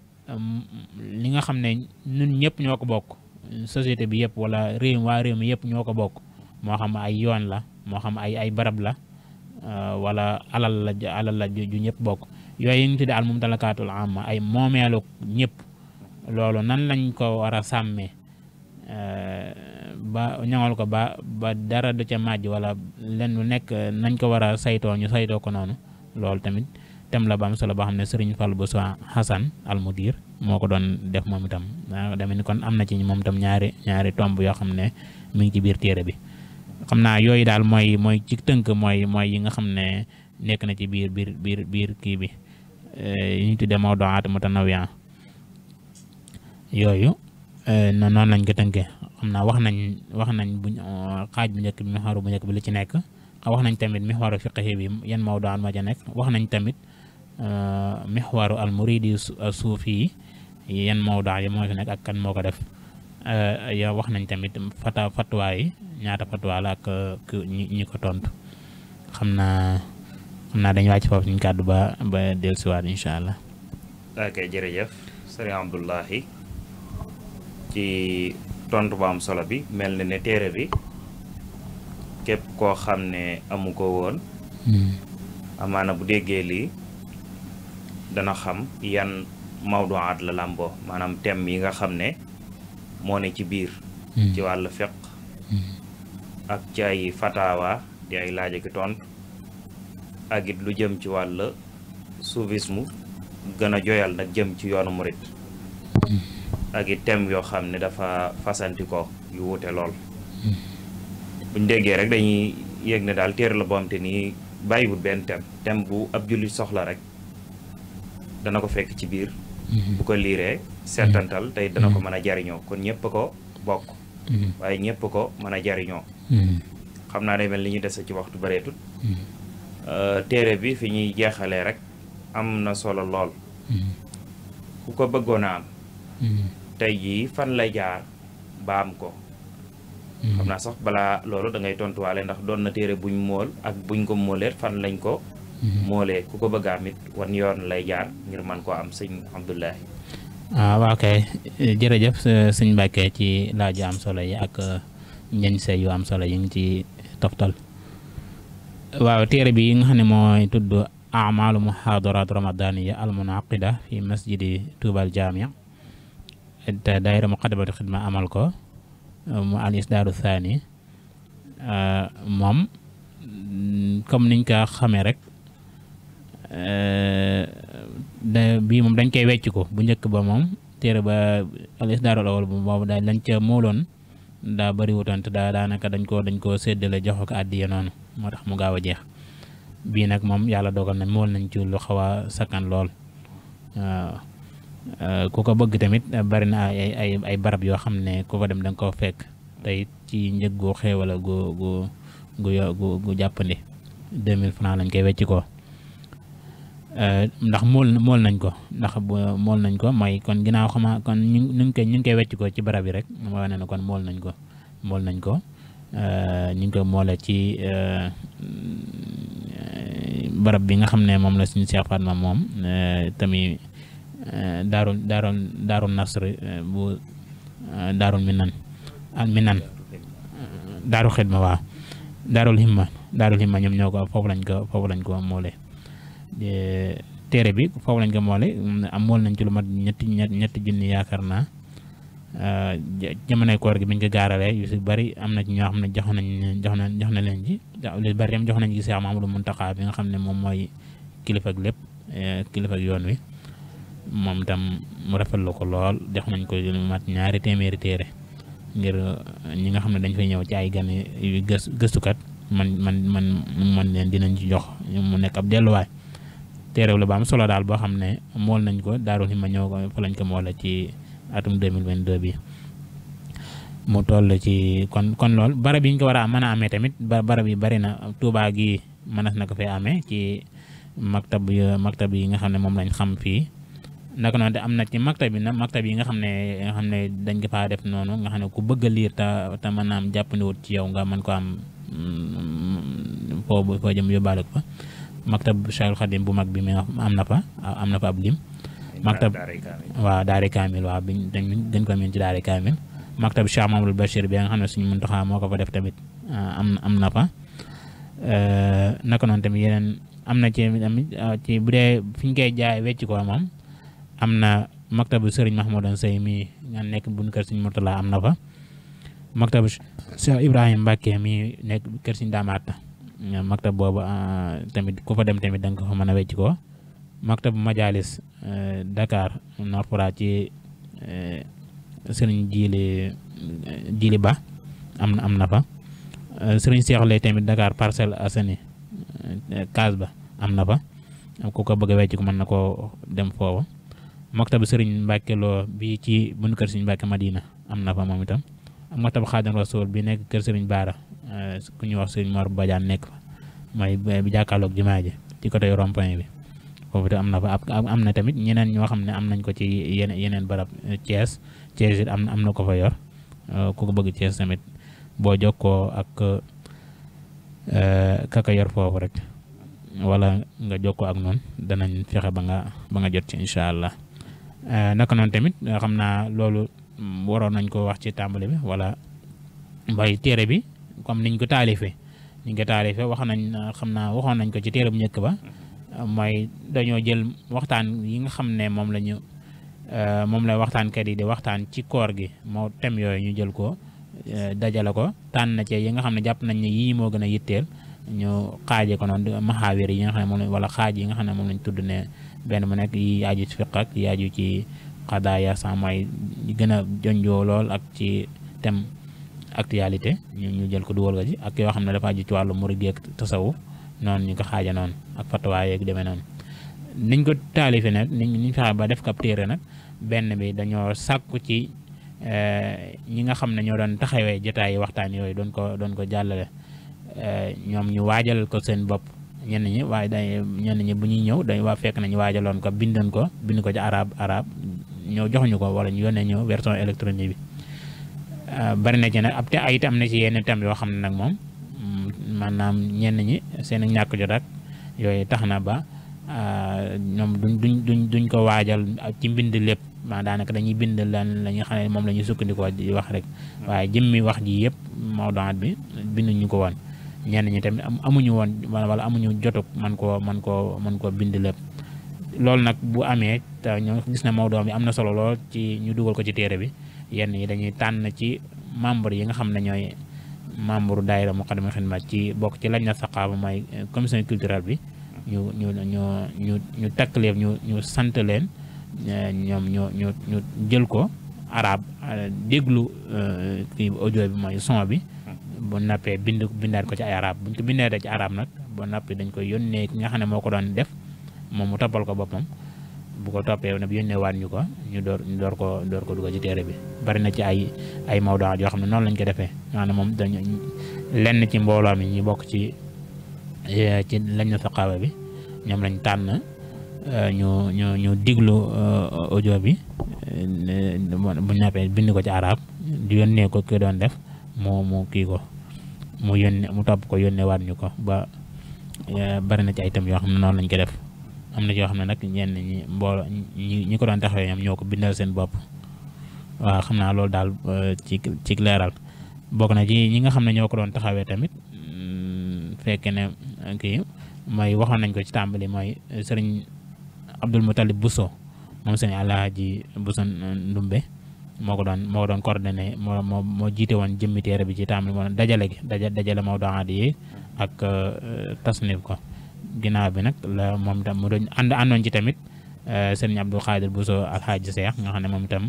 li nga xam ñun ñepp ñoko bok société bi yépp wala réew wa réew mi yépp ñoko bok mo xam ay yoon la mo xam ay ay barab la Euh, wala alal la alal la ju ñëpp bokk yooyu ñu tuddee al mumtalakaatul amma ay moomeelu ñëpp loolu nan lañ ko war a sàmmee euh, ba ñaŋal ko ba ba dara du ca màjj wala leen lu nekk nañ ko war a saytoo ñu saytoo ko noonu loolu tamit tem la ba am solo boo xam ne Serigne Fall Bousso Hassan al Mudir moo ko doon def moom itam ah, deme ni kon am na ci moom itam ñaari ñaari tomb yoo xam ne mu ci biir téere bi xam naa yooyu daal mooy mooy ci tënk mooy mooy yi nga xam ne nekk na ci biir biir biir biir kii bi eh, yi ñu tuddee mawdu'aat mutanawiya yooyu eh, noonu lañ ko tënkee xam naa wax nañ wax nañ buñ bu njëkk bi mixaaru bu njëkk bi li ci nekk wax nañ tamit mixwaaru fiqhi bi yan mawdu'aat moo ca nekk wax nañ tamit eh, mixwaaru al muridi suufi yi yan mawdu'aat yi moo ci nekk ak kan moo ko def Euh, yow wax nañ tamit fata fatwa yi ñaata fatwa la ak ñi ko tontu xam naa xam naa dañu wàcc foofu ñu kàddu ba ba dellusiwaat incha allah. ok jërëjëf sëriñ Abdullahi ci tontu ba am solo bi mel na ne téere bi képp koo xam ne amu ko woon. Hmm. amaana bu déggee lii dana xam yan mawduwaat la làmboo maanaam thème yi nga xam ne. moo ne ci biir hmm. ci wàllu feq hmm. ak ci fataawa di ay laaj ak ak it lu jëm ci wàll soufisme gën a joyal nag jëm ci yoonu murit hmm. ak it thème yoo xam ne dafa fasanti yu wuute lool buñ déggee rek dañuy yéeg ne daal téere la boom te nii bàyyiwut benn thème thème bu ab jullit soxla rek dana ko fekk ci biir bu ko liiree seetantal mm-hmm. tey dana mm-hmm. mm-hmm. ko mën a jariñoo kon ñëpp ko bokk waaye ñëpp ko mën a jariñoo xam naa day mel li ñu dese ci waxtu bareetut euh, téere bi fi ñuy jeexalee rek am na solo lool ku ko bëggoon a am tey jii fan lay jaar ba am ko xam naa sax balaa loolu da ngay tontuwaale ndax doon na téere buñ mool ak buñ ko mooleet fan lañ ko Mhm. moolee ku ko bëgg a wan yoon lay jaar ngir man ko am sëñ Abdoulahi ah waaw kay jërëjëf sëñ Mbàkke ci laaj am solo yi ak uh, ñañ say am solo yi ci toftal waaw téere bi nga xam ne mooy tudd amaalu muhaadaraat ramadaniya al munaqida fi masjidi tuubal jaamia te daayira muqaddamatul xidma amal ko uh, mu al isdaaru thani uh, moom mm, comme niñ ko xamee rek Euh, bii moom dañ koy wecc bu njëkk ba moom téere ba al isdaarul awal bu boobu daal lañ ca mooloon daa bari wutoon te daa daanaka dañ koo dañ koo séddale jox ko àddiya noonu moo tax mu gaaw a jeex bii nag moom yàlla dogal na mool nañ ci lu xaw a lool waaw euh, ku ko bëgg tamit bari na ay barab yoo xam ne ku ko dem da nga koo fekk tey ci njëg gu xeewala gu gu gu gu jàppandi francs lañ koy wecc Euh, ndax mool mool nañ ko ndax mool nañ ko mooy kon ginaaw xamaa kon ñu ñu ngi koy ñu ngi koy wecc ko ci barab yi rek mooy wane ne kon mool nañ ko mool nañ ko euh, ñu ngi koy moole ci euh, barab bi nga xam ne moom la suñu Cheikh Fatma moom tamit daarul daarul daarul nasr bu daarul minan al minan daaru xidma waaw daarul himma daarul himma ñoom ñoo ko foofu lañ ko foofu lañ ko moole Eh, téere bi foofu lañ ko moole am mool nañ ci lu mat ñetti ñetti junni yaakaar naa ah, jamonoy koor gi biñ ko gaaralee yu bari am na ci ñoo xam ne jox nañ jox na jox na leen ji lu bari tam jox nañ ci Cheikh Mamadou Mountakha bi nga xam ne moom mooy kilifa ak lépp eh, kilifa yoon wi moom tam mu rafetlu ko lool jox nañ ko mat ñaari téeméeri téere ngir eh, ñi nga xam ne dañ fay ñëw ci ay gan yu gëstukat man man man leen dinañ ci jox mu nekk ab delluwaay teerew la ba am solo daal boo xam ne mool nañ ko daarul xima ñëw ko fa lañ ko moola ci atum 2022 bi mu toll ci kon kon lool barab yi ñu ko war a mën a amee tamit barab yi bari na Touba gi mënas na ko fee amee ci maktab maktab yi nga xam ne moom lañ xam fii naka noonu te am na ci maktab yi nag maktab yi nga xam ne nga xam ne dañ ko faa def noonu nga xam ne ku bëgg a liir te te mën naa am jàppandiwut ci yow nga mën ko am mm, foo foo jëm yóbbaale ko fa maktab Cheikhul Khadim bu mag bi mi am na fa am na fa ab lim maktab waaw daare kaamil waaw biñ dañ gën ko miin ci daare kaamil maktab Cheikh Mamadou Bachir bi nga xam ne suñu Muntaxa moo ko fa def tamit am am na fa euh, naka noonu tamit yeneen am na ci ci bu dee fi ñu koy jaay wecc ko moom am na maktabu moo Mahmoudan Sey mi nga nekk buñ kër suñ Murtala am na fa maktabu Cheikh Ibrahim Mbacke mi nekk kër suñu Daamaata maktab boobu ah, tamit ku fa dem tamit da ko fa mën a wecc ko maktab majalis eh, Dakar Norfra ci eh, sëriñ Jili eh, Jili Ba am na am na fa sëriñ Seex tamit Dakar Parcelles Assainies case ba am na fa ku ko bëgg a ko mën na koo dem foofu maktab sëriñ Mbàkke Lo bi ci buñu kër sëriñ Mbàkke Madina am na fa moom itam maktab Xaadimu bi nekk kër sëriñ Baara Euh, ku ñuy wax sëñ Mor Badiane nekk fa mooy bi jàkkaarloog jumaa ji ci côté rond point bi foofu te am na fa am na tamit ñeneen ñoo xam ne am nañ ko ci yeneen yeneen barab euh, Thiès Thiès it am am na ko yor euh, ku ko bëgg Thiès tamit boo jokkoo ak kaka yor foofu rek wala nga jokkoo ak noon danañ fexe ba nga ba nga jot ci incha allah naka noonu tamit xam naa loolu waroon nañ ko wax ci tàmbali bi wala mbay téere bi. comme niñ ko taalifee niñ ko taalifee wax nañ xam naa waxoon nañ ko ci téere bu njëkk ba may dañoo jël waxtaan yi nga xam ne moom lañu ñu euh, moom la waxtaankat yi di waxtaan ci koor gi moo tem yooyu ñu jël ko euh, dajale ko tànn na ci yi nga xam ne jàpp nañ ne yii moo gën a yitteel ñu xaaje ko noonu maxaawir yi nga xam ne moom lañ wala xaaj yi nga xam ne moom lañ tudd ne benn mu nekk yi aju ci fiq ak yi aju ci xadaaya sa mooy gën a jonjoo lool ak ci tem actualité ñu ñu jël ko dugal ko ci ak yoo xam ne dafa aju ci wàllu murid yeeg tasawu noonu ñu ko xaaja noonu ak fatawaa yeeg demee noonu niñ ko taalifi nag niñ niñ fexe ba def ko ab nag benn bi dañoo sàkku ci eh, ñi nga xam ne ñoo doon taxawee jotaayi waxtaan yooyu doon ko doon ko jàllale eh, ñoom ñu waajal ko seen bopp ñenn ñi waaye day ñenn ñi bu ñuy ñëw dañ waa fekk nañu waajaloon ko bindoon ko bind ko ci araab arab ñoo joxuñu ko wala ñu yónnee ñu version électronique bi bari na ci nag ab te ay itam am na ci yenn thèmes yoo xam ne nag moom mm, maanaam ñenn ñi seen ñàkk jot ak yooyu tax na ba ah, ñoom du duñ duñ duñ ko waajal ci mbind lépp maa daanaka dañuy bind lan la ñu xam ne moom la ñuy sukkandikoo di wax rek waaye jëmmi wax ji yëpp mawduwaat bi binduñu ko woon ñenn ñi tamit amuñu woon wala amuñu jotug man koo man koo man koo bind lépp loolu nag bu amee te ñoo gis na mawdu bi am na solo lool ci ñu dugal ko ci téere bi yenn yi dañuy tànn ci membre yi nga xam ne ñooy membre daayira Moukhaddamatoul ma ci bokk ci lañ na saqaaba mooy euh, commission culturelle bi ñu ñu ñu ñu ñu takk leen ñu ñu sant leen euh, ñoom ñu ñu jël ko arab euh, déglu kii audio bi mooy son bi bu nappee bind bindaat ko ci ay arab buñ ko bindaatee ci araab nag bu nappee dañ koy yónnee ki nga xam ne moo ko doon def moom mu toppal ko boppam bu ko toppee nag yónnee waat ñu ko ñu door ñu door ko door ko ci téere bi bari na ci ay ay mawduu yoo xam ne noon lañ ko defee maanaam moom dañu lenn ci mbooloo mi ñu bokk ci e, ci lañ na saqaaba bi ñoom lañ tànn e, ñu ñu ñu diglu e, audio bi bu ñu nappee bind ko ci arab di yónnee ko ki doon def mu mu kii ko mu yone mu topp ko yónnee waat ñu ko ba bari na ci ay tam yoo xam ne noonu lañ ko def am na yoo xam ne nag ñenn ñi mbooloo ñi ñi ko doon taxawee ñoom ñoo ko bindal seen bopp waaw xam naa loolu daal euh, ci ci leeral bokk na ci ñi nga xam ne ñoo ko doon taxawee tamit mm, fekke ne kii mooy nañ ko ci tàmbali mooy sëriñ Abdul Mutalib Bousso moom sëriñ Alaaji Bousso Ndumbe moo ko doon moo ko doon coordonné moo moo moo jiite woon jëmmi bi ci tàmbali moo dajale gi dajale moo doon aadi yi ak euh, tasnif ko ginnaaw bi nag moom itam mu doon ànd àndoon ci tamit euh, sëriñ Abdou Khadir Bousso Alxaaji Seex nga xam ne moom itam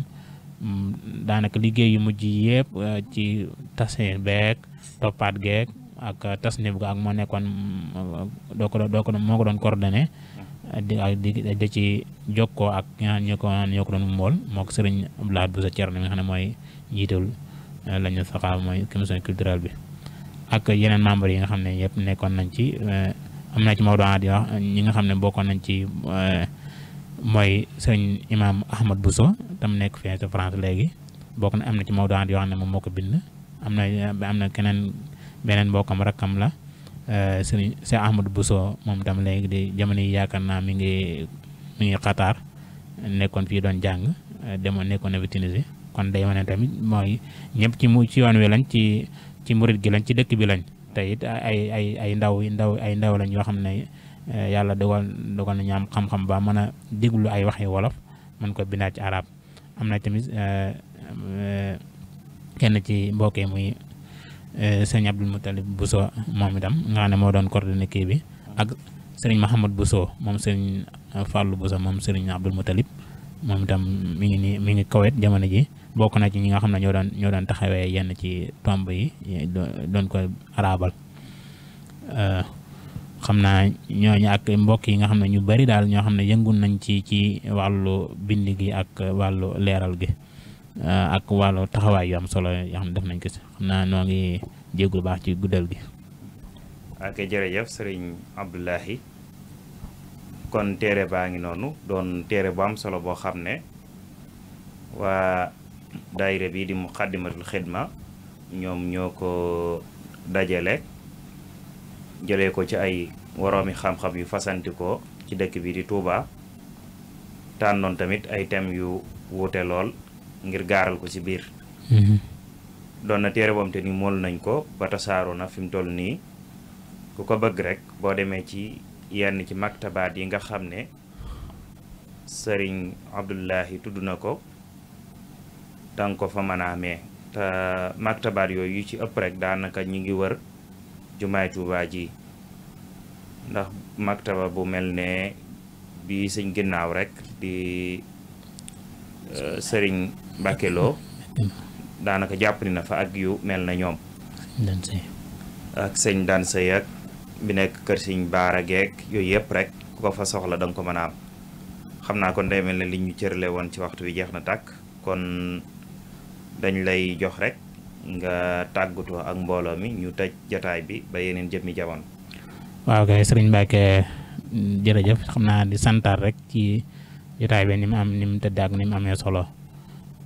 mm, daanaka liggéey yu mujj yëpp euh, ci tasnif beeg toppaat geeg ak euh, tasnif ga ak moo nekkoon mm, doo ko doo ko moo ko doon coordonné di ak di da ci jokkoo ak ñoo ko ñoo ko doon mbool moo ko nga xam ne mooy njiitul lañu saxaab mooy commission culturelle bi ak yeneen membres yi nga xam ne yëpp nekkoon nañ ci am na ci Maodo di wax ñi nga xam ne bokkoon nañ ci euh, mooy sëñ imaam Ahmad Bousso tam nekk fii ci France léegi bokk na am na ci Maodo di wax moom moo ko am na am na keneen beneen mbokkam rakkam la euh, sëñ si Ahmad Bousso moom tam léegi di jamono yi yaakaar naa mu ngi mi ngi Qatar nekkoon fii doon jàng demoon nekkoon na fi kon day wane tamit mooy ñëpp ci mu ci yoon wi lañ ci ci murit gi lañ ci dëkk bi lañ. tey it ay ay ay ndaw ndaw ay ndaw lañ yoo xam ne eh, yàlla dogal dogal na ñu am xam-xam ba mën a déglu ay waxe wolof mën ko bindaat ci arab am na tamit eh, eh, kenn ci mbokkee muy sëñ Abdul bu so moom itam nga xam ne moo doon coordonné kii bi ak sëriñ Mahamad Bousso moom sëriñ Fallou Bousso moom sëriñ Abdul Mutalib moom itam mi ngi nii mi ngi kawet jamono ji bokk na ci ñi nga xam ne ñoo doon ñoo doon taxawee yenn ci tomb yi doon ko araabal euh, xam naa ñooñu ak mbokk yi nga xam ne ñu bari daal ñoo xam ne yëngu nañ ci ci wàllu bind gi ak wàllu leeral gi euh, ak wàllu taxawaay yu am solo yoo xam ne def nañ ko si xam naa noo ngi jéegul baax ci guddal gi ak jërëjëf sëriñ Abdullahi kon téere baa ngi noonu doon téere bu am solo boo xam ne waa daire bi di muqaddimatul khidma ñom ñoko dajale jele ko ci ay woromi xam-xam yu fasanti ko ci dekk bi di Touba tànnoon tamit ay tem yu wote lol ngir garel ko ci bir mm-hmm. doon na téere boom ni mool nañ ko ba tassaro na fim tol toll ku ko bëgg rek bo démé ci yenn ci maktaba di nga xamné ne sëriñ Abdullahi tudd Dang ko fa mën Makta ta maktabar yoy yu ci ëpp rek naka ñi ngi wër jumaatu Tuubaa ndax maktaba bu melne bi señ ginnaw rek di e, sering da Lo japp ni na fa ak yu mel na ñoom ak señ dan sëy ak bi nek kër señ baara geek yoy yëpp rek ku ko fa soxla dang ko mën am xamna kon day li ñu ci waxtu bi jeex na tak kon dañ lay jox rek nga tàggatoo ak mbooloo mi ñu taj jotaay bi ba yeneen jëmmi jamono. waaw kay sëriñ Mbacke jërëjëf xam naa di santaar rek ci jotaay bi ni mu am ni mu tëdd ak ni amee solo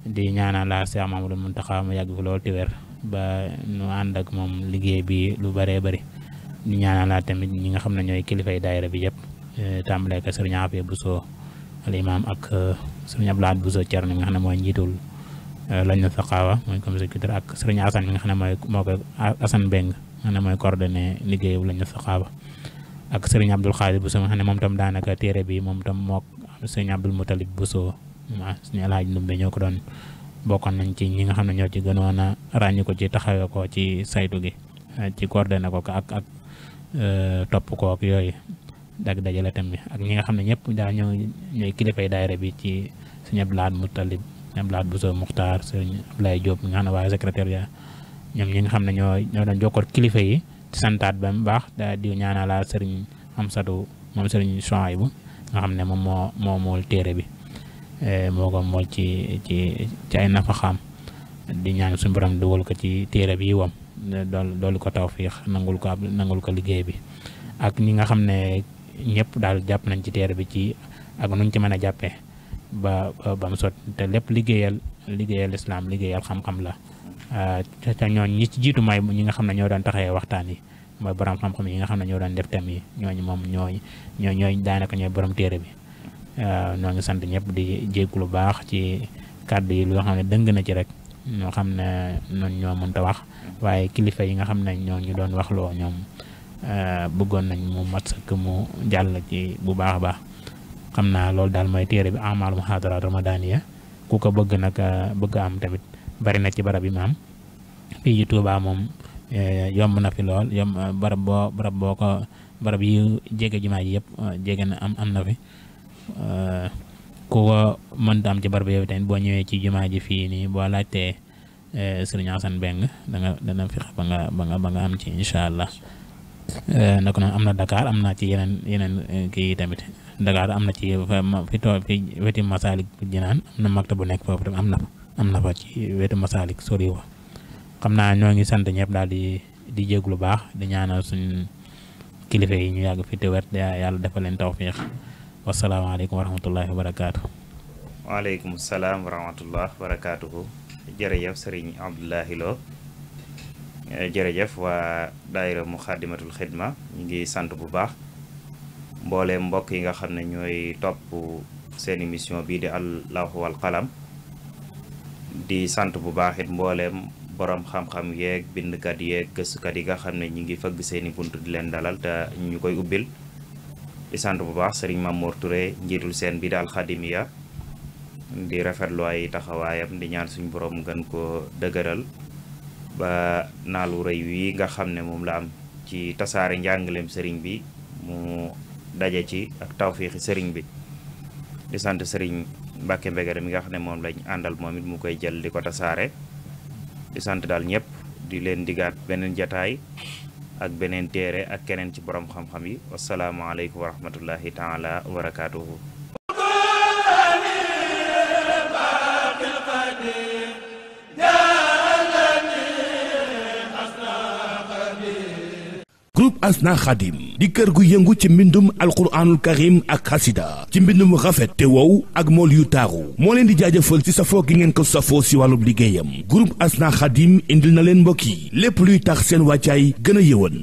di ñaanal laa Cheikh Mamadou Mountakha mu yàgg fi lool ti wér ba nu ànd ak moom liggéey bi lu bëree bëri di ñaanal laa tamit ñi nga xam ne ñooy kilifay daayira bi yëpp e, tàmbalee ko sëriñ Afia Bousso al imam ak e, sëriñ Abdoulaye Bousso Thierno mi nga xam ne mooy njiitul. Euh, lañ na saqaawa mooy comme secrétaire ak sëriñ Assane mi nga xam ne mooy moo koy Assane Beng nga xam mooy coordonné liggéey bu lañ na saqaawa ak sëriñ Abdul Xaadir Bousso nga xam moom tam daanaka téere bi moom tam mook sëriñ Abdul Mutalib Bousso waaw suñu El Hadj Ndumbe ñoo ko doon bokkoon ci ñi nga ne ñoo ci gënoon a ràññi ko ci taxawee ko ci saytu gi euh, ci coordonné ko ak ak euh, topp ko yoy yooyu dag dajale tam bi ak ñi nga xam ne ñëpp daa ñooy kilifay daayira bi ci sëriñ Abdul Ahad Mutalib sëñ Abdoulaye Bousso Muxtaar sëñ Abdoulaye Diop nga xam ne waa secrétariat ñoom ñi nga xam ne ñoo ñoo doon jokkoor kilifa yi ci santaat ba mu baax di ñaanalaa sëriñ Amsatu moom sëriñ Sohaybu nga xam ne moom moo moo mool téere bi eh, moo ko mool ci ci ci ay nafaxaam di ñaan suñu borom ko ci téere bi wam dool doolu ko taw fiix ko ab nangul ko liggéey bi ak ñi nga xam ne ñëpp daal jàpp nañ ci téere bi ci ak nuñ ci mën a jàppee ba bam mu sot te lépp liggéeyal liggéeyal islam liggéeyal xam-xam la ah, te ñooñ ñi ci jiitu may ñi nga xam ne ñoo doon taxawee waxtaan yi mooy borom xam-xam yi nga xam ne ñoo doon def tam yi ñooñu moom ñooy ñoo ñooy daanaka ñooy borom téere bi ah, ñoo ngi sant ñëpp di jéggu lu baax ci kàddu yi loo xam ne dëng na ci rek ñoo xam ne noonu ñoo mënta wax waaye kilifa yi nga xam ne ñoo ñu doon wax loo ñoom ah, bëggoon nañ mu mat sëkk mu jàll ci bu baax a baax xamna lol dal daal téré bi amal muhadara ramadania ku ko bëgg nak eh, bëgg am tamit bari na ci barab imam fi fii ci Tuubaa eh, yomb na fi lol yom eh, barab bo barab boko barab yi ji yépp na am am na fi ku ko man am ci barab yow tamit bo ñëwé ci jumaa ji fii nii boo laajtee serigne hassane Beng da nga na fexe ba nga ba nga ba nga am ci inshallah allah nak na amna Dakar amna ci yenen yenen ki tamit Dakar amna ci fi to fi weti Masalik Jinaan am na maktab bu nekk amna, amna am na fa ci weti Masalik sori wa xamna naa ñoo ngi sant di di jéglu baax di ñaanal suñu kilifa yi ñu yag fi te wet ya-, yàlla defal wa assalamu alaykum wa rahmatullahi wa wa alaykum assalam wa rahmatullahi wa barakaatuhu jërëjëf serigne abdullah Lo eh, jërëjëf waa daayira Muxaddamatul ngi sante bu baax mbolé mbokk yi nga xamné ne top topp seen émission bi di al wal qalam di Santo bu baax it mbooleem borom xam-xam kat yeek yeeg kat yi nga xamné ne ñi ngi fëgg seen buntu di leen dalal ta ñu koy ubbil di sante bu baax serigne Mamour Touré njitul seen bi dal khadimiya di rafetlu ay taxawayam di ñaan suñu borom gën ko dëgëral ba nalu reuy wi nga xamne ne la am ci tassare njàngaleem serigne bi mu daje ci ak tawféexi sëriñ bi di sant sëriñ Mbàkke Mbegere mi nga xam ne moom lañ àndal moom it mu koy jël di ko tasaare di sant daal ñëpp di leen digaat beneen jataay ak beneen téere ak keneen ci borom xam-xam yi wasalaamualeykum wa rahmatullahi taala wa barakaatuhu groupe Asna Khadim di kër gu yëngu ci mbindum al alquraanul karim ak xasida ci mbindum rafet te wow ak mool yu taaru moo leen di jaajëfal ci safoo gi ngeen ko safoo si wàllu liggéeyam groupe Asna Khadim indil na leen mbokk yi lépp luy tax seen wàccaay gën a yëwan